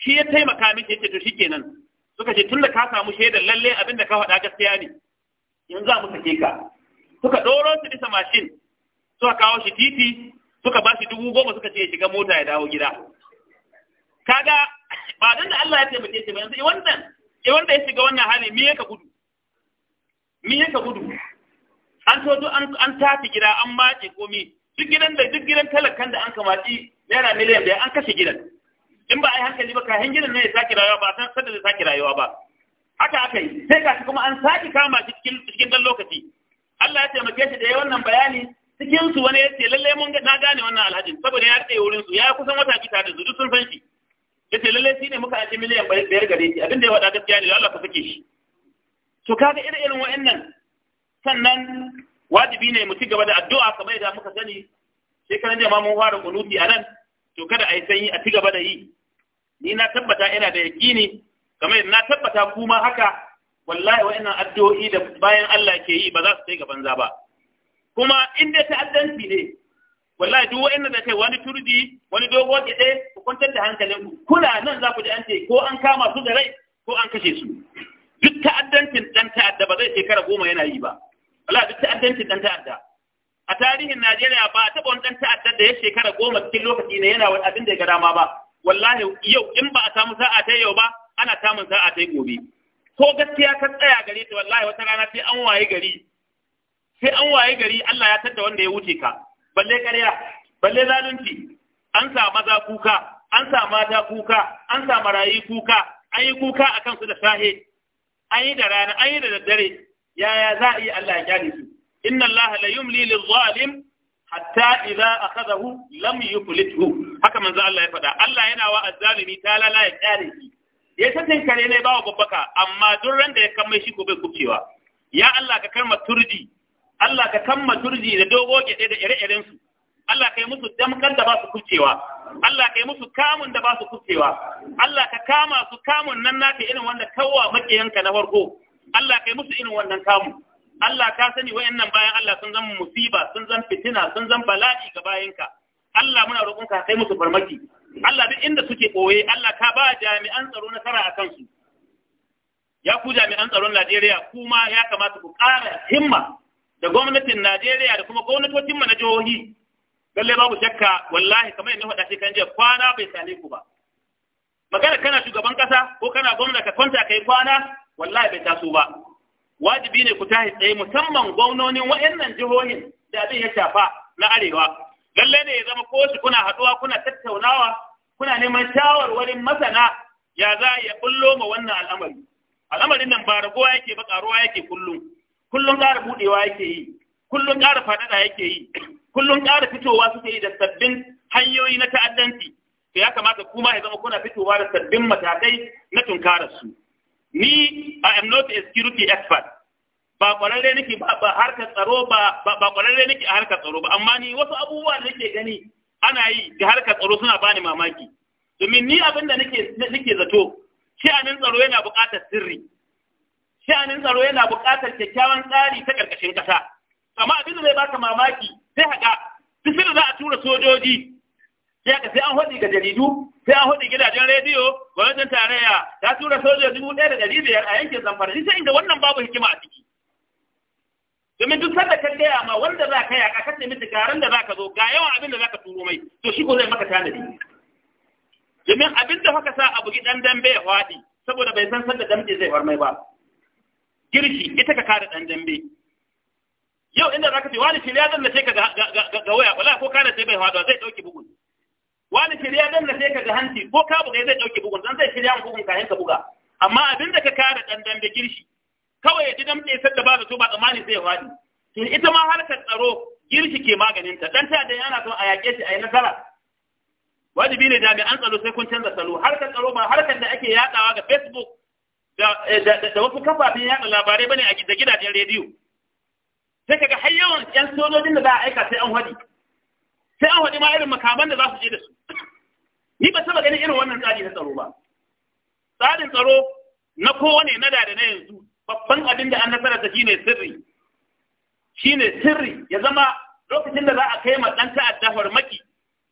shi ya taimaka miki ce, to shi kenan. suka ce tunda ka samu shaidar lallai abin da ka faɗa gaskiya ne yanzu za mu sake ka suka ɗoro su bisa mashin suka kawo shi titi suka ba shi dubu goma suka ce ya shiga mota ya dawo gida kaga ba don da Allah ya taimake shi ba yanzu wannan e wanda ya shiga wannan hali me yake gudu me yake gudu an so an an tafi gida an mace komi duk gidan da duk gidan talakan da an kamaci naira miliyan da an kashe gidan in ba a yi hankali ba kayan gidan ne ya sake rayuwa ba san da zai sake rayuwa ba haka aka yi sai ka kuma an sake kama shi cikin dan lokaci Allah ya taimake shi da ya wannan bayani cikin su wani ya lalle mun na gane wannan alhaji saboda ya tsaye wurin su ya kusan wata kita da su duk sun san shi ya ce lallai shi ne muka aje miliyan biyar gare shi abin da ya wada gaskiya ne Allah ka sake shi to kaga irin irin wa'annan sannan wajibi ne mu ci gaba da addu'a kamar yadda muka sani shekaran jiya ma mun fara kunuti a nan to kada a yi sanyi a ci gaba da yi ni na tabbata ina da yaƙini kamar na tabbata kuma haka wallahi wa'annan addu'o'i da bayan Allah ke yi ba za su kai ga banza ba kuma in dai ta'addanci ne wallahi duk wa'annan da kai wani turji wani dogo gide ku kwantar da hankalin ku kuna nan za ku ji an ce ko an kama su da rai ko an kashe su duk ta'addancin dan ta'adda ba zai shekara goma yana yi ba wallahi duk ta'addancin dan ta'adda a tarihin Najeriya ba a taɓa wani ta'adda ta'adda da ya shekara goma cikin lokaci ne yana wani abin da ya ga dama ba. Wallahi yau in ba a samu sa'a ta yau ba ana samun sa'a ta gobe. ko gaskiya ka tsaya gare ta wallahi wata rana sai an waye gari sai an waye gari Allah ya tadda wanda ya wuce ka balle ƙarya balle zalunci an sa maza kuka an sa mata kuka an sa marayi kuka an yi kuka akan su da sahe an yi da rana an yi da daddare yaya za a yi Allah ya kyale su inna Allah la yumli lil zalim hatta idza akhadahu lam yuflithu haka manzo Allah ya faɗa Allah yana wa azzalimi ta ya kyale shi ya ta kare ne bawa babbaka amma duk ran da ya kama shi ko bai kucewa. ya Allah ka karma turji Allah ka kamma turji da dogo gede da ire-iren su Allah ka yi musu damkar da ba su kucewa Allah ka yi musu kamun da ba su kucewa Allah ka kama su kamun nan naka irin wanda kawwa makiyanka na farko Allah ka yi musu irin wannan kamun Allah ka sani wayannan bayan Allah sun zama musiba sun zama fitina sun zama bala'i ga bayanka Allah muna roƙonka kai musu farmaki Allah duk inda suke ɓoye Allah ka ba jami'an tsaro kara a kansu ya ku jami'an tsaron Najeriya kuma ya kamata ku ƙara himma da gwamnatin Najeriya da kuma gwamnatocin mu na jihohi lalle babu shakka wallahi kamar yadda faɗa kan jiya kwana bai same ku ba magana kana shugaban ƙasa ko kana gwamna ka kwanta kai kwana wallahi bai taso ba wajibi ne ku tashi tsaye musamman gwamnonin wa'annan jihohin da abin ya shafa na arewa lalle ne ya zama ko shi kuna haduwa kuna tattaunawa kuna neman shawarwarin masana ya za ya kullo ma wannan al'amari al'amarin nan ba raguwa yake ba karuwa yake kullum kullum ƙara budewa yake yi kullum ƙara faɗaɗa yake yi kullum ƙara fitowa suke yi da sabbin hanyoyi na ta'addanci to ya kamata kuma ya zama kuna fitowa da sabbin matakai na tunkarar su ni i am not a security expert ba kwararre nake ba ba harkar tsaro ba ba kwararre nake a harkar tsaro ba amma ni wasu abubuwa da nake gani ana yi ga harka tsaro suna bani mamaki domin ni abin da nake nake zato sha'anin tsaro yana buƙatar sirri sha'anin tsaro yana buƙatar kyakkyawan tsari ta ƙarƙashin ƙasa amma abin da zai baka mamaki sai haka duk da za a tura sojoji sai haka sai an hodi ga jaridu sai an hodi gidajen rediyo gwamnatin tarayya ta tura sojoji dubu ɗaya da ɗari biyar a yankin zamfara sai inda wannan babu hikima a ciki domin duk sanda ka gaya ma wanda za ka yaƙa ka nemi sigaran da za ka zo ga yawan abin da za ka turo mai to shi ko zai maka tanadi domin abin da haka sa abu gidan dambe ya faɗi saboda bai san sanda dambe zai mai ba girki ita ka kare dan dambe yau inda za ka ce wani shirya dan nace ka ga waya wala ko kana sai bai faɗo zai dauki bugun wani shirya dan nace ka ga hanci ko ka buga zai dauki bugun dan zai shirya bugun ka hanka buga amma abin da ka kare dan dambe girki kawai ya ji damɗe da ba zato ba tsammani sai ya faɗi to ita ma harkar tsaro girki ke maganin ta dan ta da yana son a yaƙe shi a yi nasara wajibi ne an tsaro sai kun canza salo harkar tsaro ba harkar da ake yadawa ga facebook da wasu kafafen yada labarai bane a da gidajen rediyo sai kaga har yawan yan sojojin da za a aika sai an hadi sai an hadi ma irin makaman da za su je da su ni ba taba ganin irin wannan tsari na tsaro ba tsarin tsaro na kowane na da na yanzu babban abin da an nasara ta shine sirri shine sirri ya zama lokacin da za a kai ma ɗan ta'adda farmaki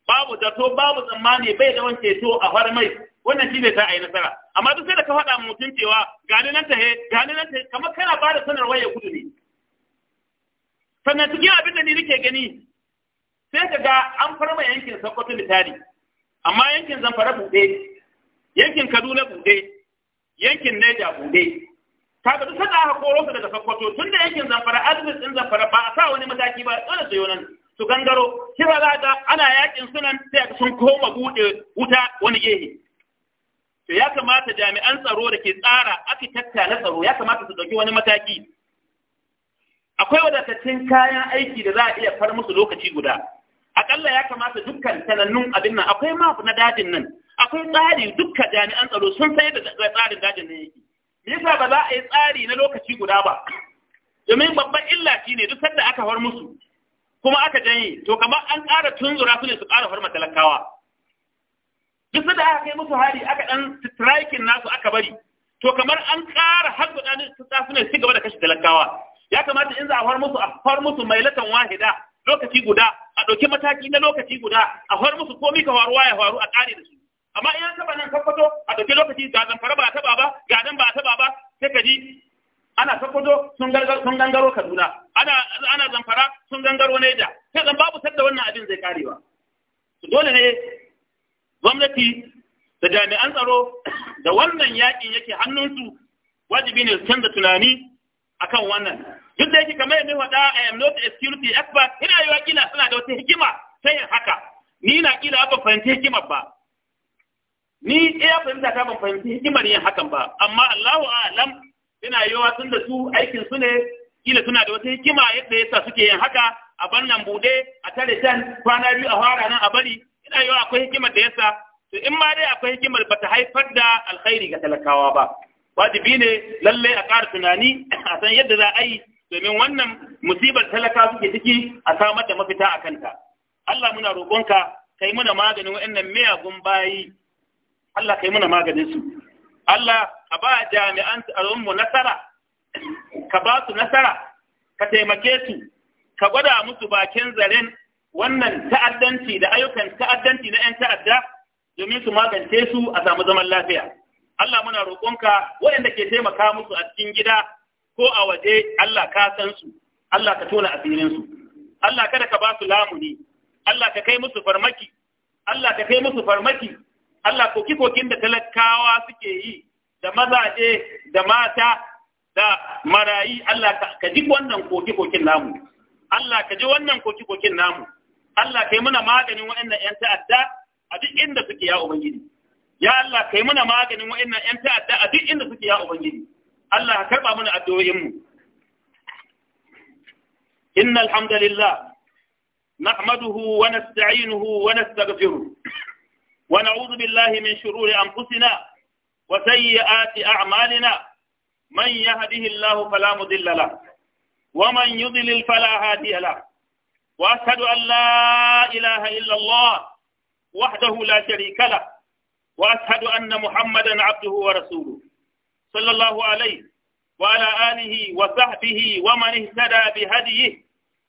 babu zato babu tsammani bai da wance to a farmai wannan shine ta ayi nasara amma duk sai da ka faɗa mutum cewa gani nan ta he gani nan ta kamar kana ba da sanarwa ya gudu ne sannan cikin abin da ni nake gani sai ka ga an farma yankin Sokoto misali amma yankin Zamfara buɗe yankin Kaduna buɗe yankin Neja buɗe kaga duk sanda aka koro su daga Sokoto tun da yankin Zamfara Azmis din Zamfara ba a sa wani mataki ba dole su yonan su gangaro kira za ga ana yakin sunan sai sun koma bude wuta wani gehe to ya kamata jami'an tsaro da ke tsara aka na tsaro ya kamata su dauki wani mataki akwai wadatattun kayan aiki da za a iya far musu lokaci guda akalla ya kamata dukkan sanannun abin nan akwai map na dajin nan akwai tsari dukkan jami'an tsaro sun sayar da tsarin dajin nan yake yasa ba za a yi tsari na lokaci guda ba domin babban illa shi ne duk sanda aka far musu kuma aka janye to kamar an ƙara tunzura su ne su ƙara farma talakawa duk sanda aka kai musu hari aka ɗan striking nasu aka bari to kamar an ƙara ne su ne su gaba da kashe talakawa ya kamata in za a far musu a far musu latan wahida lokaci guda a ɗauki mataki na lokaci guda a far musu komi ka faruwa ya faru a ƙare da su amma in an taba nan sakkwato a dauke lokaci ga zamfara ba a taba ba ga nan ba a taba ba sai ka ji ana sakkwato sun gangaro kaduna ana ana zamfara sun gangaro neja sai zan babu sadda wannan abin zai karewa dole ne gwamnati da jami'an tsaro da wannan yakin yake hannunsu wajibi ne su canza tunani akan wannan duk da yake kamar yadda wada I am not a security expert ina yi wakila suna da wata hikima sai haka ni na kila ba fahimci hikimar ba ni iya fahimta ta ban fahimci hikimar yin hakan ba amma Allahu a'lam ina yawa tun da su aikin su ne kila suna da wata hikima yadda yasa suke yin haka a bannan buɗe, bude a tare can kwana biyu a fara nan a bari ina yawa akwai hikimar da yasa to in ma dai akwai hikimar ba ta haifar da alkhairi ga talakawa ba wajibi ne lalle a ƙara tunani a san yadda za a yi domin wannan musibar talaka suke ciki a samar da mafita a kanta Allah muna roƙonka kai muna maganin waɗannan miyagun bayi Allah kai muna maganin su Allah ka ba jami'an tsaron nasara ka ba su nasara ka taimake su ka gwada musu bakin zaren wannan ta'addanci da ayyukan ta'addanci na 'yan ta'adda domin su magance su a samu zaman lafiya Allah muna roƙonka waɗanda ke taimaka musu a cikin gida ko a waje Allah ka san su Allah ka tona asirin su Allah kada ka ba su lamuni Allah ka kai musu farmaki Allah ka kai musu farmaki Allah koki-kokin da talakawa suke yi da mazaje da mata da marayi Allah ka ji wannan koki-kokin namu Allah ka ji wannan koki-kokin namu Allah kai muna maganin waɗannan ƴan ta'adda a duk inda suke ya ubangiji ya Allah kai muna maganin waɗannan ƴan ta'adda a duk inda suke ya ubangiji Allah ka karba mana addu'o'in mu innal hamdalillah nahmaduhu wa nasta'inuhu wa nastaghfiruh ونعوذ بالله من شرور أنفسنا وسيئات أعمالنا من يهده الله فلا مضل له ومن يضلل فلا هادي له وأشهد أن لا إله إلا الله وحده لا شريك له وأشهد أن محمدا عبده ورسوله صلى الله عليه وعلى آله وصحبه ومن اهتدى بهديه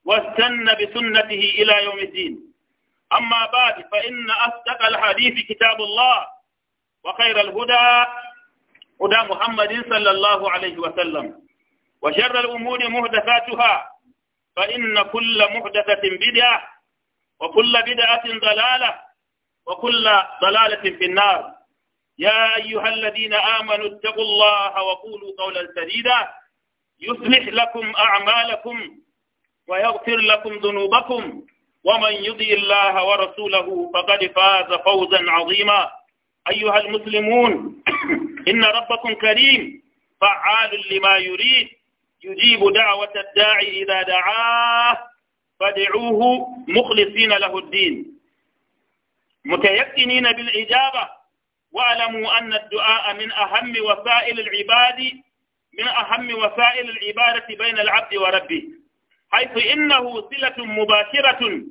واستنى بسنته إلى يوم الدين أما بعد فإن أصدق الحديث كتاب الله وخير الهدى هدى محمد صلى الله عليه وسلم وشر الأمور محدثاتها فإن كل محدثة بدعة وكل بدعة ضلالة وكل ضلالة في النار يا أيها الذين آمنوا اتقوا الله وقولوا قولا سديدا يصلح لكم أعمالكم ويغفر لكم ذنوبكم ومن يضي الله ورسوله فقد فاز فوزا عظيما أيها المسلمون إن ربكم كريم فعال لما يريد يجيب دعوة الداعي إذا دعاه فادعوه مخلصين له الدين متيقنين بالإجابة واعلموا أن الدعاء من أهم وسائل العباد من أهم وسائل العبادة بين العبد وربه حيث إنه صلة مباشرة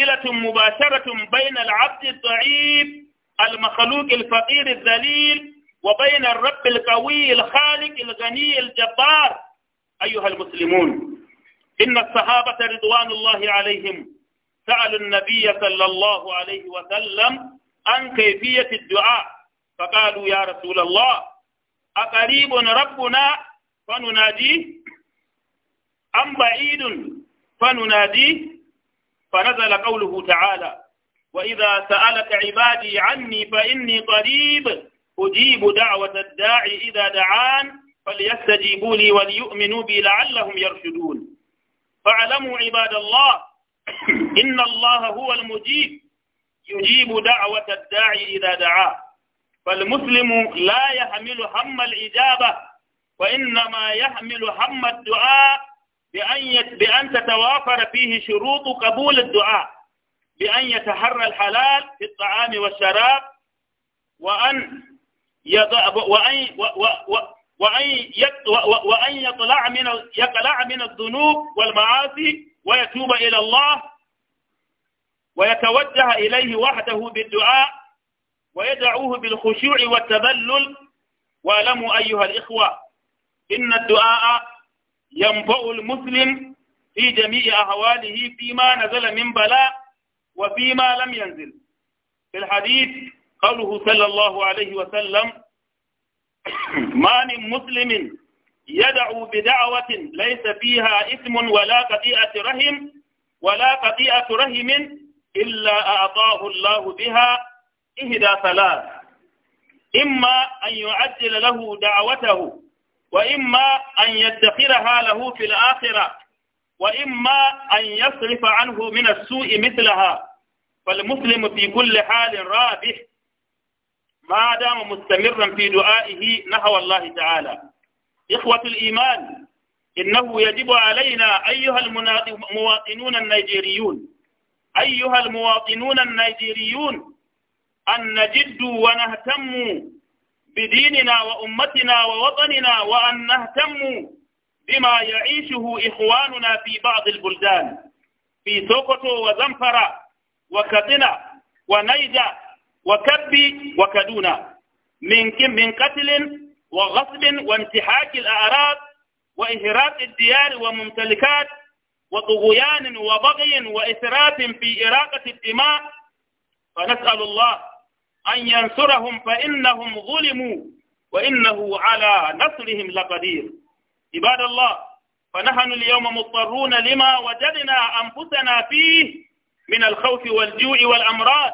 صلة مباشرة بين العبد الضعيف المخلوق الفقير الذليل وبين الرب القوي الخالق الغني الجبار أيها المسلمون إن الصحابة رضوان الله عليهم سألوا النبي صلى الله عليه وسلم عن كيفية الدعاء فقالوا يا رسول الله أقريب ربنا فنناديه أم بعيد فنناديه فنزل قوله تعالى وإذا سألك عبادي عني فإني قريب أجيب دعوة الداعي إذا دعان فليستجيبوا لي وليؤمنوا بي لعلهم يرشدون فاعلموا عباد الله إن الله هو المجيب يجيب دعوة الداعي إذا دعاه فالمسلم لا يحمل هم الإجابة وإنما يحمل هم الدعاء بأن بأن تتوافر فيه شروط قبول الدعاء بأن يتحرى الحلال في الطعام والشراب وأن يضع وأن و و و وأن وأن يطلع من يقلع من الذنوب والمعاصي ويتوب إلى الله ويتوجه إليه وحده بالدعاء ويدعوه بالخشوع والتذلل واعلموا أيها الإخوة إن الدعاء ينفع المسلم في جميع أحواله فيما نزل من بلاء وفيما لم ينزل في الحديث قوله صلى الله عليه وسلم ما من مسلم يدعو بدعوة ليس فيها إثم ولا قطيئة رحم ولا قطيئة رحم إلا أعطاه الله بها إهدى ثلاث إما أن يعجل له دعوته وإما أن يدخرها له في الآخرة وإما أن يصرف عنه من السوء مثلها فالمسلم في كل حال رابح ما دام مستمرا في دعائه نحو الله تعالى إخوة الإيمان إنه يجب علينا أيها المواطنون النيجيريون أيها المواطنون النيجيريون أن نجد ونهتم بديننا وأمتنا ووطننا وأن نهتم بما يعيشه إخواننا في بعض البلدان في سوكوتو وزنفرة وكتنة ونيجا وكبي وكدونا من من قتل وغصب وانتحاك الأعراض وإهراق الديار وممتلكات وطغيان وبغي وإسراف في إراقة الدماء فنسأل الله أن ينصرهم فإنهم ظلموا وإنه على نصرهم لقدير عباد الله فنحن اليوم مضطرون لما وجدنا أنفسنا فيه من الخوف والجوع والأمراض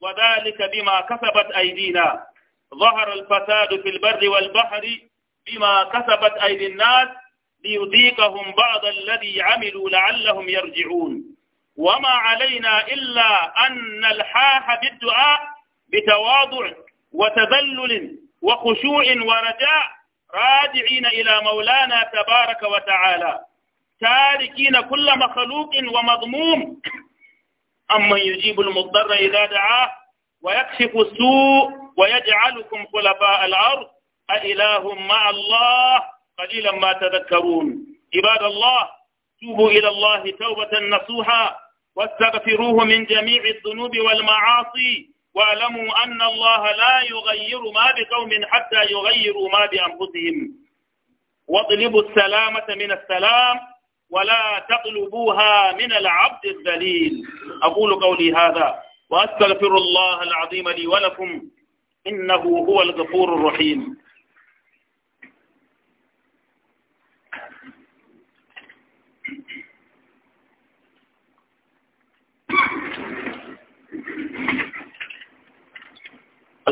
وذلك بما كسبت أيدينا ظهر الفساد في البر والبحر بما كسبت أيدي الناس ليذيقهم بعض الذي عملوا لعلهم يرجعون وما علينا إلا أن نلحاح بالدعاء بتواضع وتذلل وخشوع ورجاء راجعين إلى مولانا تبارك وتعالى تاركين كل مخلوق ومضموم أما يجيب المضطر إذا دعاه ويكشف السوء ويجعلكم خلفاء الأرض أإله مع الله قليلا ما تذكرون عباد الله توبوا إلى الله توبة نصوحا واستغفروه من جميع الذنوب والمعاصي واعلموا أن الله لا يغير ما بقوم حتى يغيروا ما بأنفسهم واطلبوا السلامة من السلام ولا تطلبوها من العبد الذليل أقول قولي هذا وأستغفر الله العظيم لي ولكم إنه هو الغفور الرحيم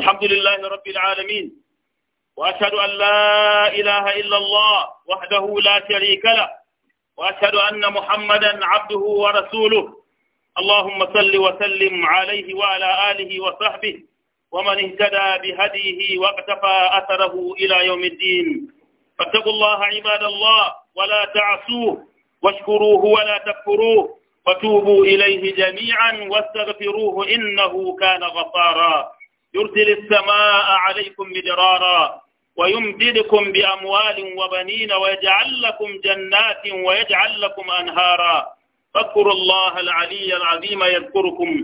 الحمد لله رب العالمين وأشهد أن لا إله إلا الله وحده لا شريك له وأشهد أن محمدا عبده ورسوله اللهم صل وسلم عليه وعلى آله وصحبه ومن اهتدى بهديه واقتفى أثره إلى يوم الدين فاتقوا الله عباد الله ولا تعصوه واشكروه ولا تكفروه وتوبوا إليه جميعا واستغفروه إنه كان غفارا يرسل السماء عليكم مدرارا ويمددكم بأموال وبنين ويجعل لكم جنات ويجعل لكم أنهارا فاذكروا الله العلي العظيم يذكركم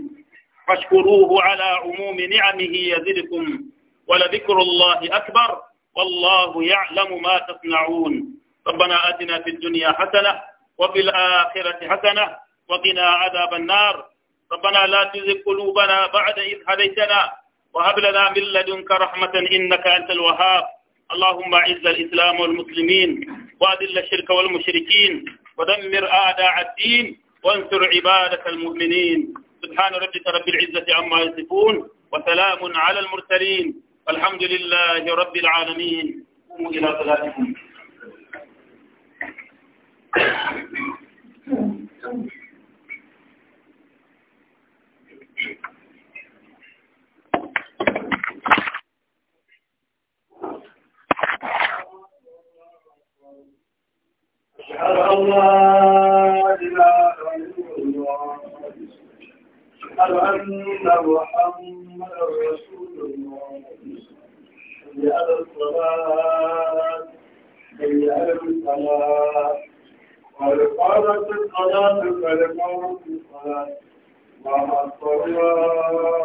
واشكروه على عموم نعمه يزدكم ولذكر الله أكبر والله يعلم ما تصنعون ربنا آتنا في الدنيا حسنة وفي الآخرة حسنة وقنا عذاب النار ربنا لا تزغ قلوبنا بعد إذ هديتنا وهب لنا من لدنك رحمة إنك أنت الوهاب اللهم أعز الإسلام والمسلمين وأذل الشرك والمشركين ودمر أعداء الدين وانصر عبادك المؤمنين سبحان ربك رب العزة عما يصفون وسلام على المرسلين الحمد لله رب العالمين قوموا إلى صلاتكم أشهد أن لا إله إلا الله أشهد أن محمدا رسول الله حي على الصلاة حي على الصلاة قد قامت الصلاة قد قامت الصلاة مع الصلاة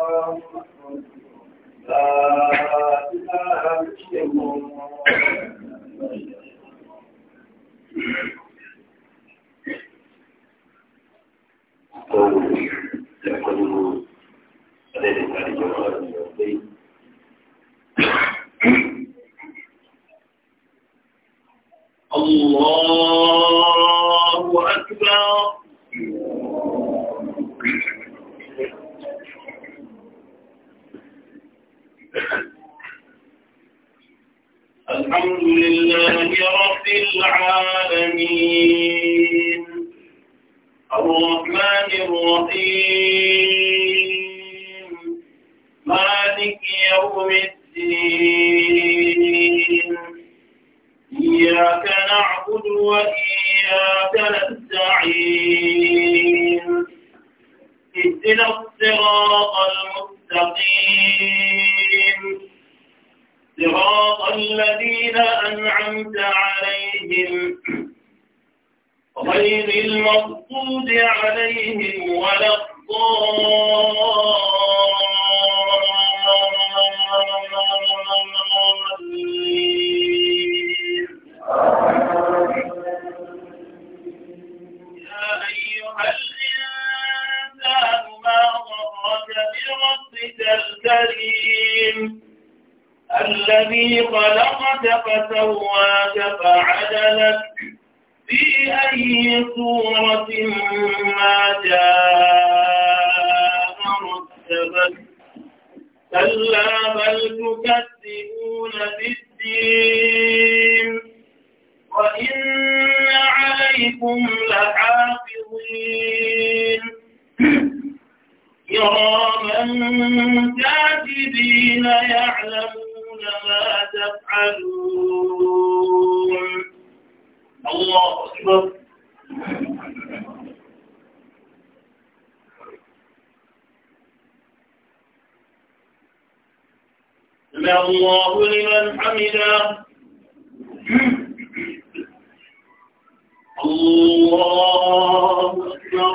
يعلمون ما تفعلون الله أكبر سمع الله لمن حمده الله أكبر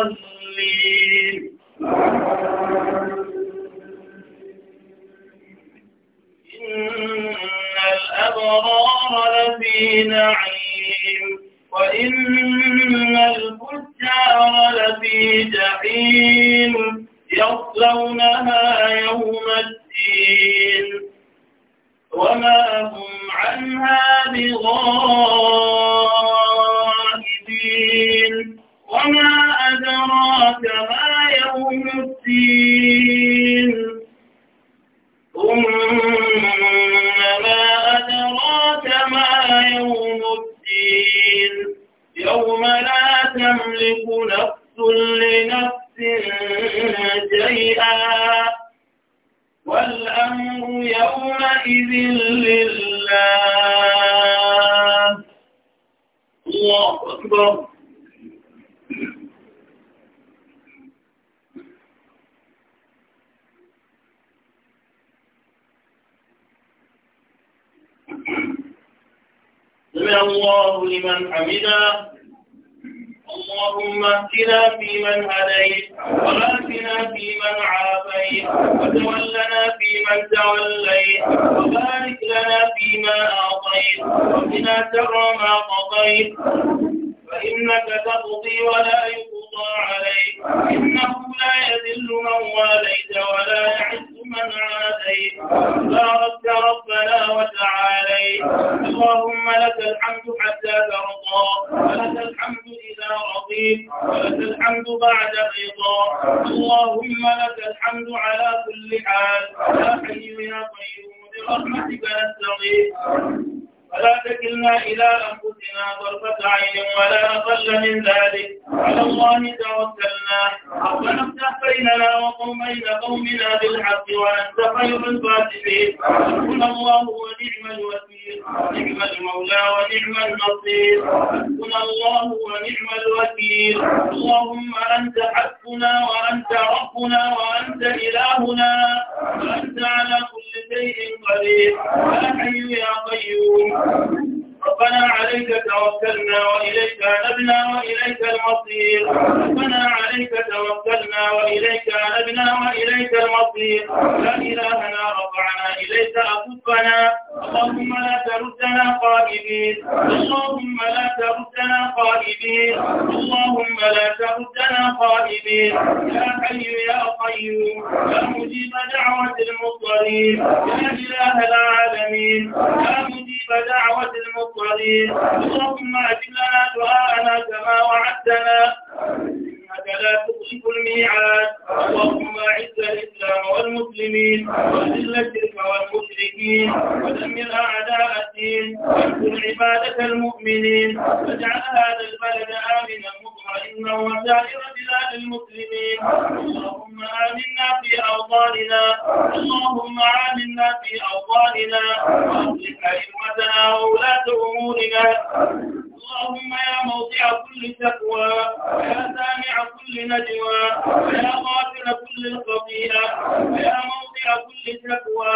المصلين إن الأبرار لفي نعيم وإن الفجار لفي جحيم يصلونها يوم الدين وما هم عنها بغائبين وما أدراك ما المصير لا إله رفعنا إليك أكفنا اللهم لا تردنا قائمين اللهم لا تردنا قائمين اللهم لا تردنا قائمين يا حي يا قيوم يا مجيب دعوة المضطرين يا إله العالمين يا مجيب دعوة المضطرين اللهم أجب لنا دعاءنا كما وعدتنا إنك لا تخلف الميعاد اللهم أعز الإسلام والمسلمين وأذل الشرك والمشركين ودمر من أعداء الدين واذكر عبادة المؤمنين واجعل هذا البلد آمنا مطمئنا وسائر بلاد المسلمين اللهم آمنا في أوطاننا اللهم آمنا في أوطاننا وأصلح أئمتنا وولاة أمورنا اللهم يا موضع كل تقوى يا سامع كل نجوى يا غافر كل الخطيئة يا موضع كل تقوى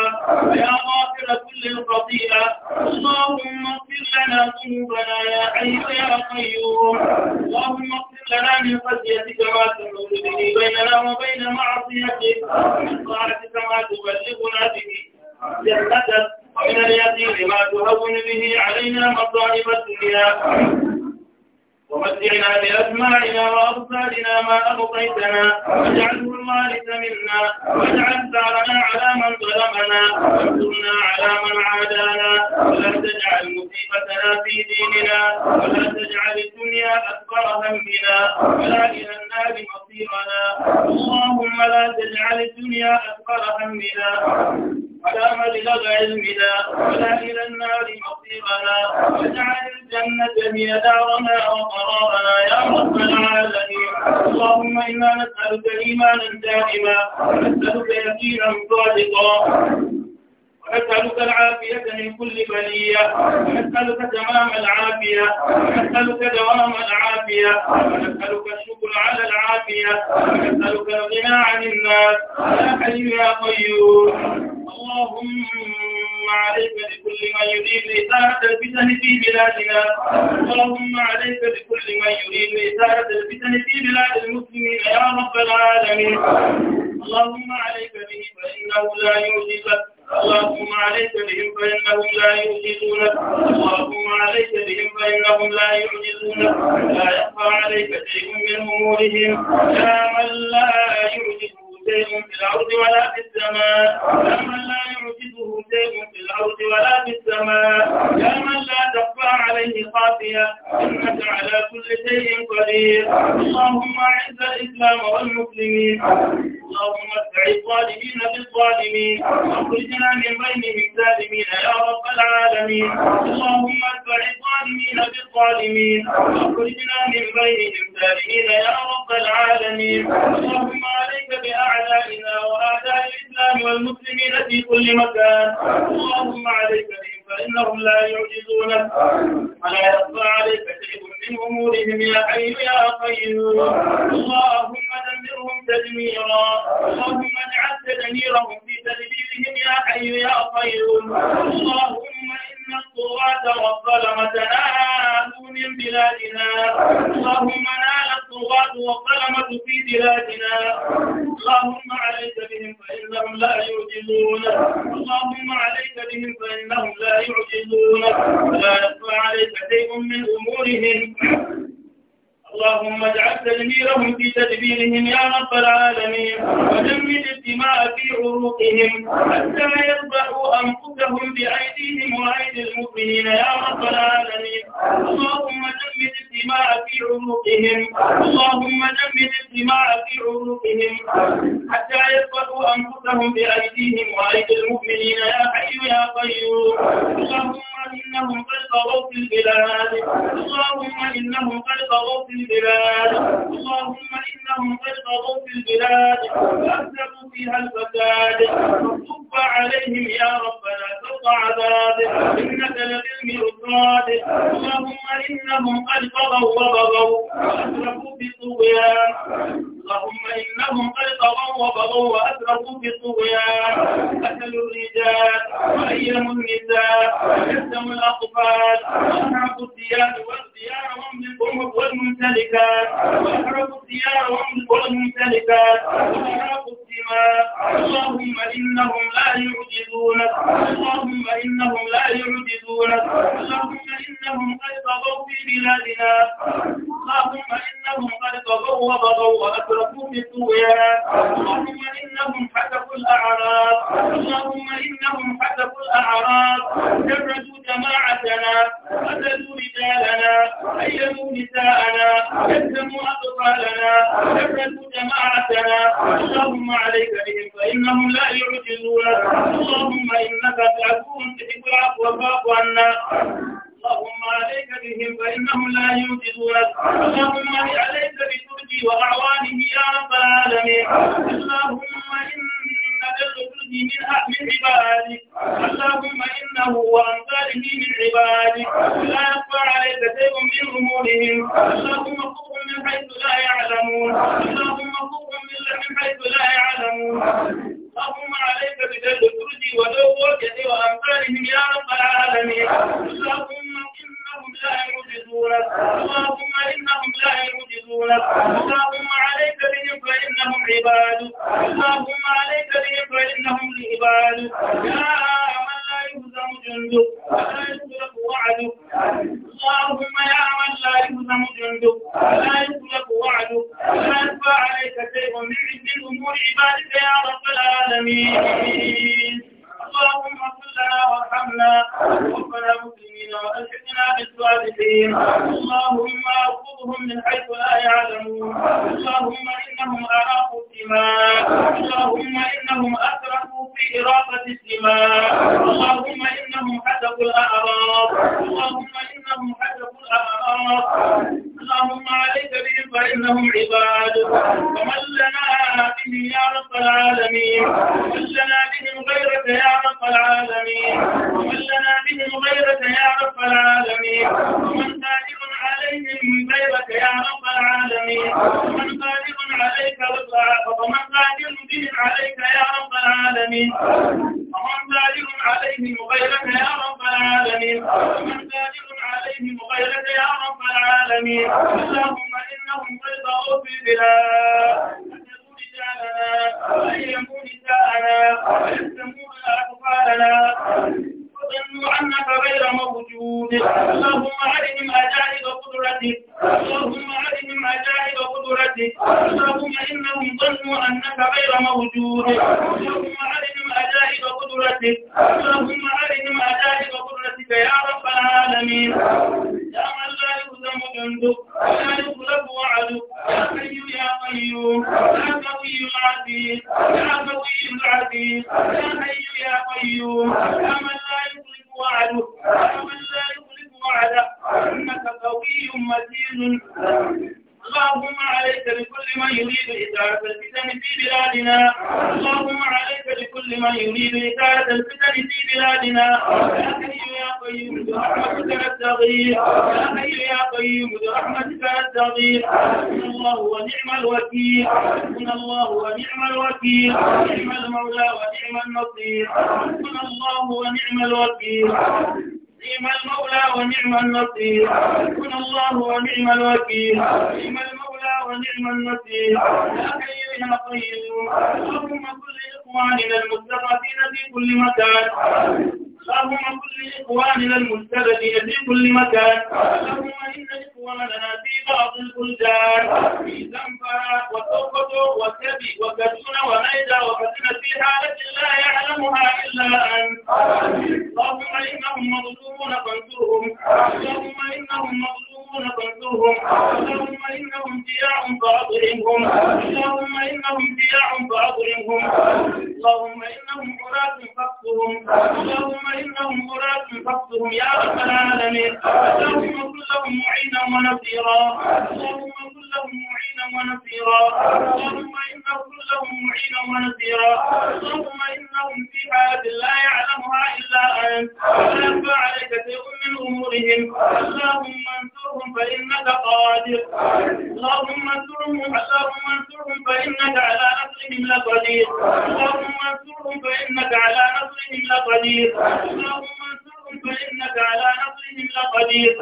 يا غافر كل الخطيئة خطيئة اللهم اغفر لنا ذنوبنا يا حي يا قيوم اللهم اغفر لنا من خشيتك ما تحول به بيننا وبين معصيتك ومن طاعتك ما تبلغنا به جنتك ومن اليقين ما تهون به علينا مصائب الدنيا ومتعنا بأسماعنا وأبصارنا ما أبقيتنا واجعله الوارث منا واجعل ثارنا على من ظلمنا وانصرنا على من عادانا ولا تجعل مصيبتنا في ديننا ولا تجعل الدنيا أكبر همنا ولا إلى النار مصيرنا اللهم لا تجعل الدنيا أكبر همنا ولا مبلغ علمنا ولا إلى النار مصيرنا واجعل الجنة هي دارنا وقرنا وراءنا يا رب العالمين اللهم إنا نسألك إيمانا دائما نسألك يقينا صادقا نسألك العافية من كل بلية نسألك تمام العافية نسألك دوام العافية نسألك الشكر على العافية نسألك الغنى عن الناس يا حي يا قيوم اللهم اللهم عليك بكل من يريد إثارة الفتن في بلادنا اللهم عليك بكل من يريد إثارة الفتن في بلاد المسلمين يا رب العالمين اللهم عليك به فإنه لا يوجد اللهم عليك بهم فإنهم لا يعجزونك اللهم عليك بهم فإنهم لا يعجزونك لا يخفى عليك شيء من أمورهم يا من لا يعجز شيء في الأرض ولا في السماء يا من لا يعجزه شيء في الأرض ولا في السماء يا من لا تخفى عليه خافية إنك على كل شيء قدير اللهم أعز الإسلام والمسلمين اللهم ادفع الظالمين بالظالمين واخرجنا من بينهم سالمين يا رب العالمين اللهم ادفع الظالمين بالظالمين واخرجنا من بينهم سالمين يا رب العالمين اللهم عليك بأهل أعدائنا وأعداء الإسلام والمسلمين في كل مكان اللهم عليك بهم فإنهم لا يعجزونك ولا يخفى عليك شيء من أمورهم يا حي يا قيوم اللهم دمرهم تدميرا اللهم اجعل تدميرهم في تدبيرهم يا حي يا قيوم اللهم إن الطغاة والظلمة نالوا من بلادنا اللهم نال الطغاة والظلمة في بلادنا اللهم عليك بهم فإنهم لا يعجزونك اللهم عليك بهم فإنهم لا ولا يعجزونك ولا يخفى عليك شيء من أمورهم اللهم اجعل تدبيرهم في تدبيرهم يا رب العالمين وجمد الدماء في عروقهم حتى يذبحوا أنفسهم بأيديهم وأيدي المؤمنين يا رب العالمين أنفسهم اللهم جمد الدماء في عروقهم حتى يطفئوا أنفسهم بأيديهم وأيدي المؤمنين يا حي يا قيوم اللهم إنهم قد قضوا في البلاد اللهم إنهم قد قضوا في البلاد اللهم إنهم قد قضوا في البلاد فأسروا فيها الفساد فصب عليهم يا ربنا سوط عذاب إنك لبالمرصاد اللهم إنهم قد قضوا وبغوا وأسرفوا في الطغيان اللهم إنهم قد قضوا وبغوا وأسرفوا في الطغيان قتلوا الرجال وأيموا النساء وعدم الأطفال وأحرقوا الديار والديار والملك والممتلكات وأحرقوا الديار والممتلكات وأحرقوا الدماء اللهم إنهم لا يعجزونك اللهم إنهم لا يعجزونك اللهم إنهم قد طغوا في بلادنا اللهم إنهم قد طغوا وبغوا وأتركوا في الطغيان اللهم إنهم حسبوا الأعراض اللهم إنهم حسبوا الأعراب جردوا جماعتنا قتلوا رجالنا أيموا نساءنا كذبوا أطفالنا كذبوا جماعتنا اللهم عليك بهم فإنهم لا يعجزونك اللهم إنك تعفو تحب العفو فاعف عنا اللهم عليك بهم فإنهم لا يوجدونك اللهم عليك بتركي وأعوانه يا رب العالمين اللهم إنا اللهم إنه وأمثاله من عبادك لا يخفى عليك شيء من اللهم خذهم لا يعلمون اللهم خذهم لا يعلمون اللهم عليك بجل الفرج ودور اللهم إنهم لا يعجزونك اللهم اللهم عليك بهم فإنهم عبادك اللهم ba ni, ya amalla yi zan jundu, اللهم عليك بكل من يريد إثارة الفتن في بلادنا اللهم عليك بكل من يريد إثارة الفتن في بلادنا يا حي يا قيوم برحمتك نستغيث يا حي يا قيوم برحمتك الله ونعم الوكيل حسبنا الله ونعم الوكيل نعم المولى ونعم النصير حسبنا الله ونعم الوكيل نعم المولى ونعم النصير حسبنا الله ونعم الوكيل نعم المولى ونعم النصير يا حي يا قيوم طيب. اللهم صل إخواننا المستضعفين في كل مكان اللهم كل إخواننا المستضعفين في كل مكان اللهم إن إخواننا في بعض البلدان في زنفرة وسقطة وكبي وكتون ونيدا وفتنة في حالة لا يعلمها إلا أنت اللهم إنهم مظلومون فانصرهم اللهم إنهم مظلومون فانصرهم اللهم إنهم جياع فأظلمهم اللهم إنهم جياع فأظلمهم اللهم إنهم عراة فاقصهم اللهم إنهم عراة فاقصهم يا رب العالمين اللهم كلهم معينا ونصيرا اللهم كلهم لهم معينا معينا ونصيرا اللهم إنا كن لهم معينا ونصيرا اللهم إنهم في حالة لا يعلمها إلا أنت ولا يخفى عليك شيء من أمورهم اللهم انصرهم فإنك قادر اللهم انصرهم اللهم انصرهم فإنك على نصرهم لقدير اللهم انصرهم فإنك على نصرهم لقدير اللهم انصرهم تقل فإنك على نصرهم لقدير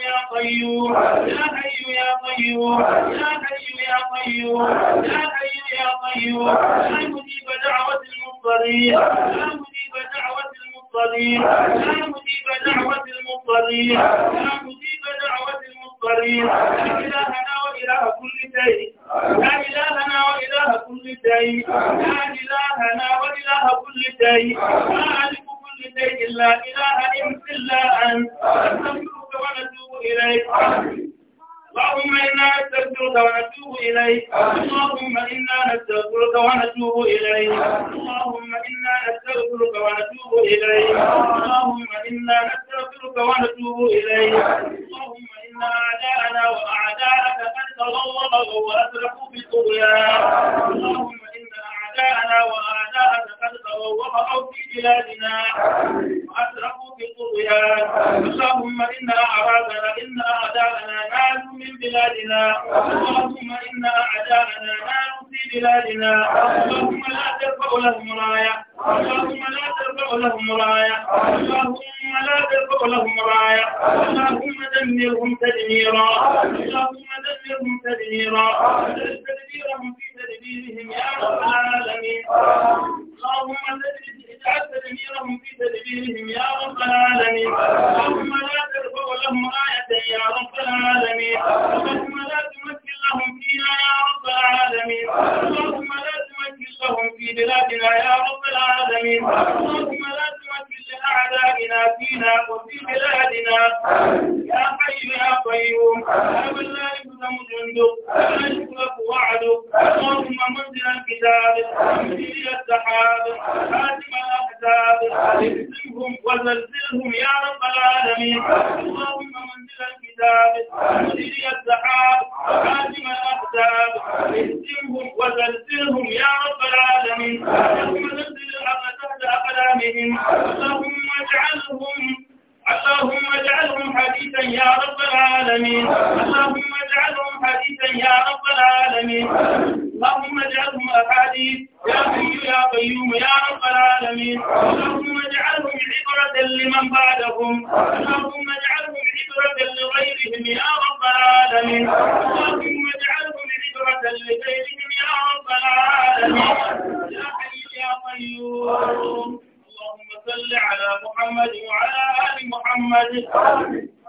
يا حي يا قيوم يا حي يا قيوم يا حي يا قيوم يا حي يا قيوم يا مجيب دعوة المضطرين يا مجيب دعوة المضطرين يا مجيب دعوة المضطرين يا مجيب دعوة المضطرين لا إلهنا وإله كل شيء لا إلهنا وإله كل شيء القيوم يا رب العالمين اللهم اجعلهم عبرة لمن بعدهم اللهم اجعلهم عبرة لغيرهم يا رب العالمين اللهم اجعلهم عبرة لغيرهم يا رب العالمين يا حي يا قيوم اللهم صل على محمد وعلى آل محمد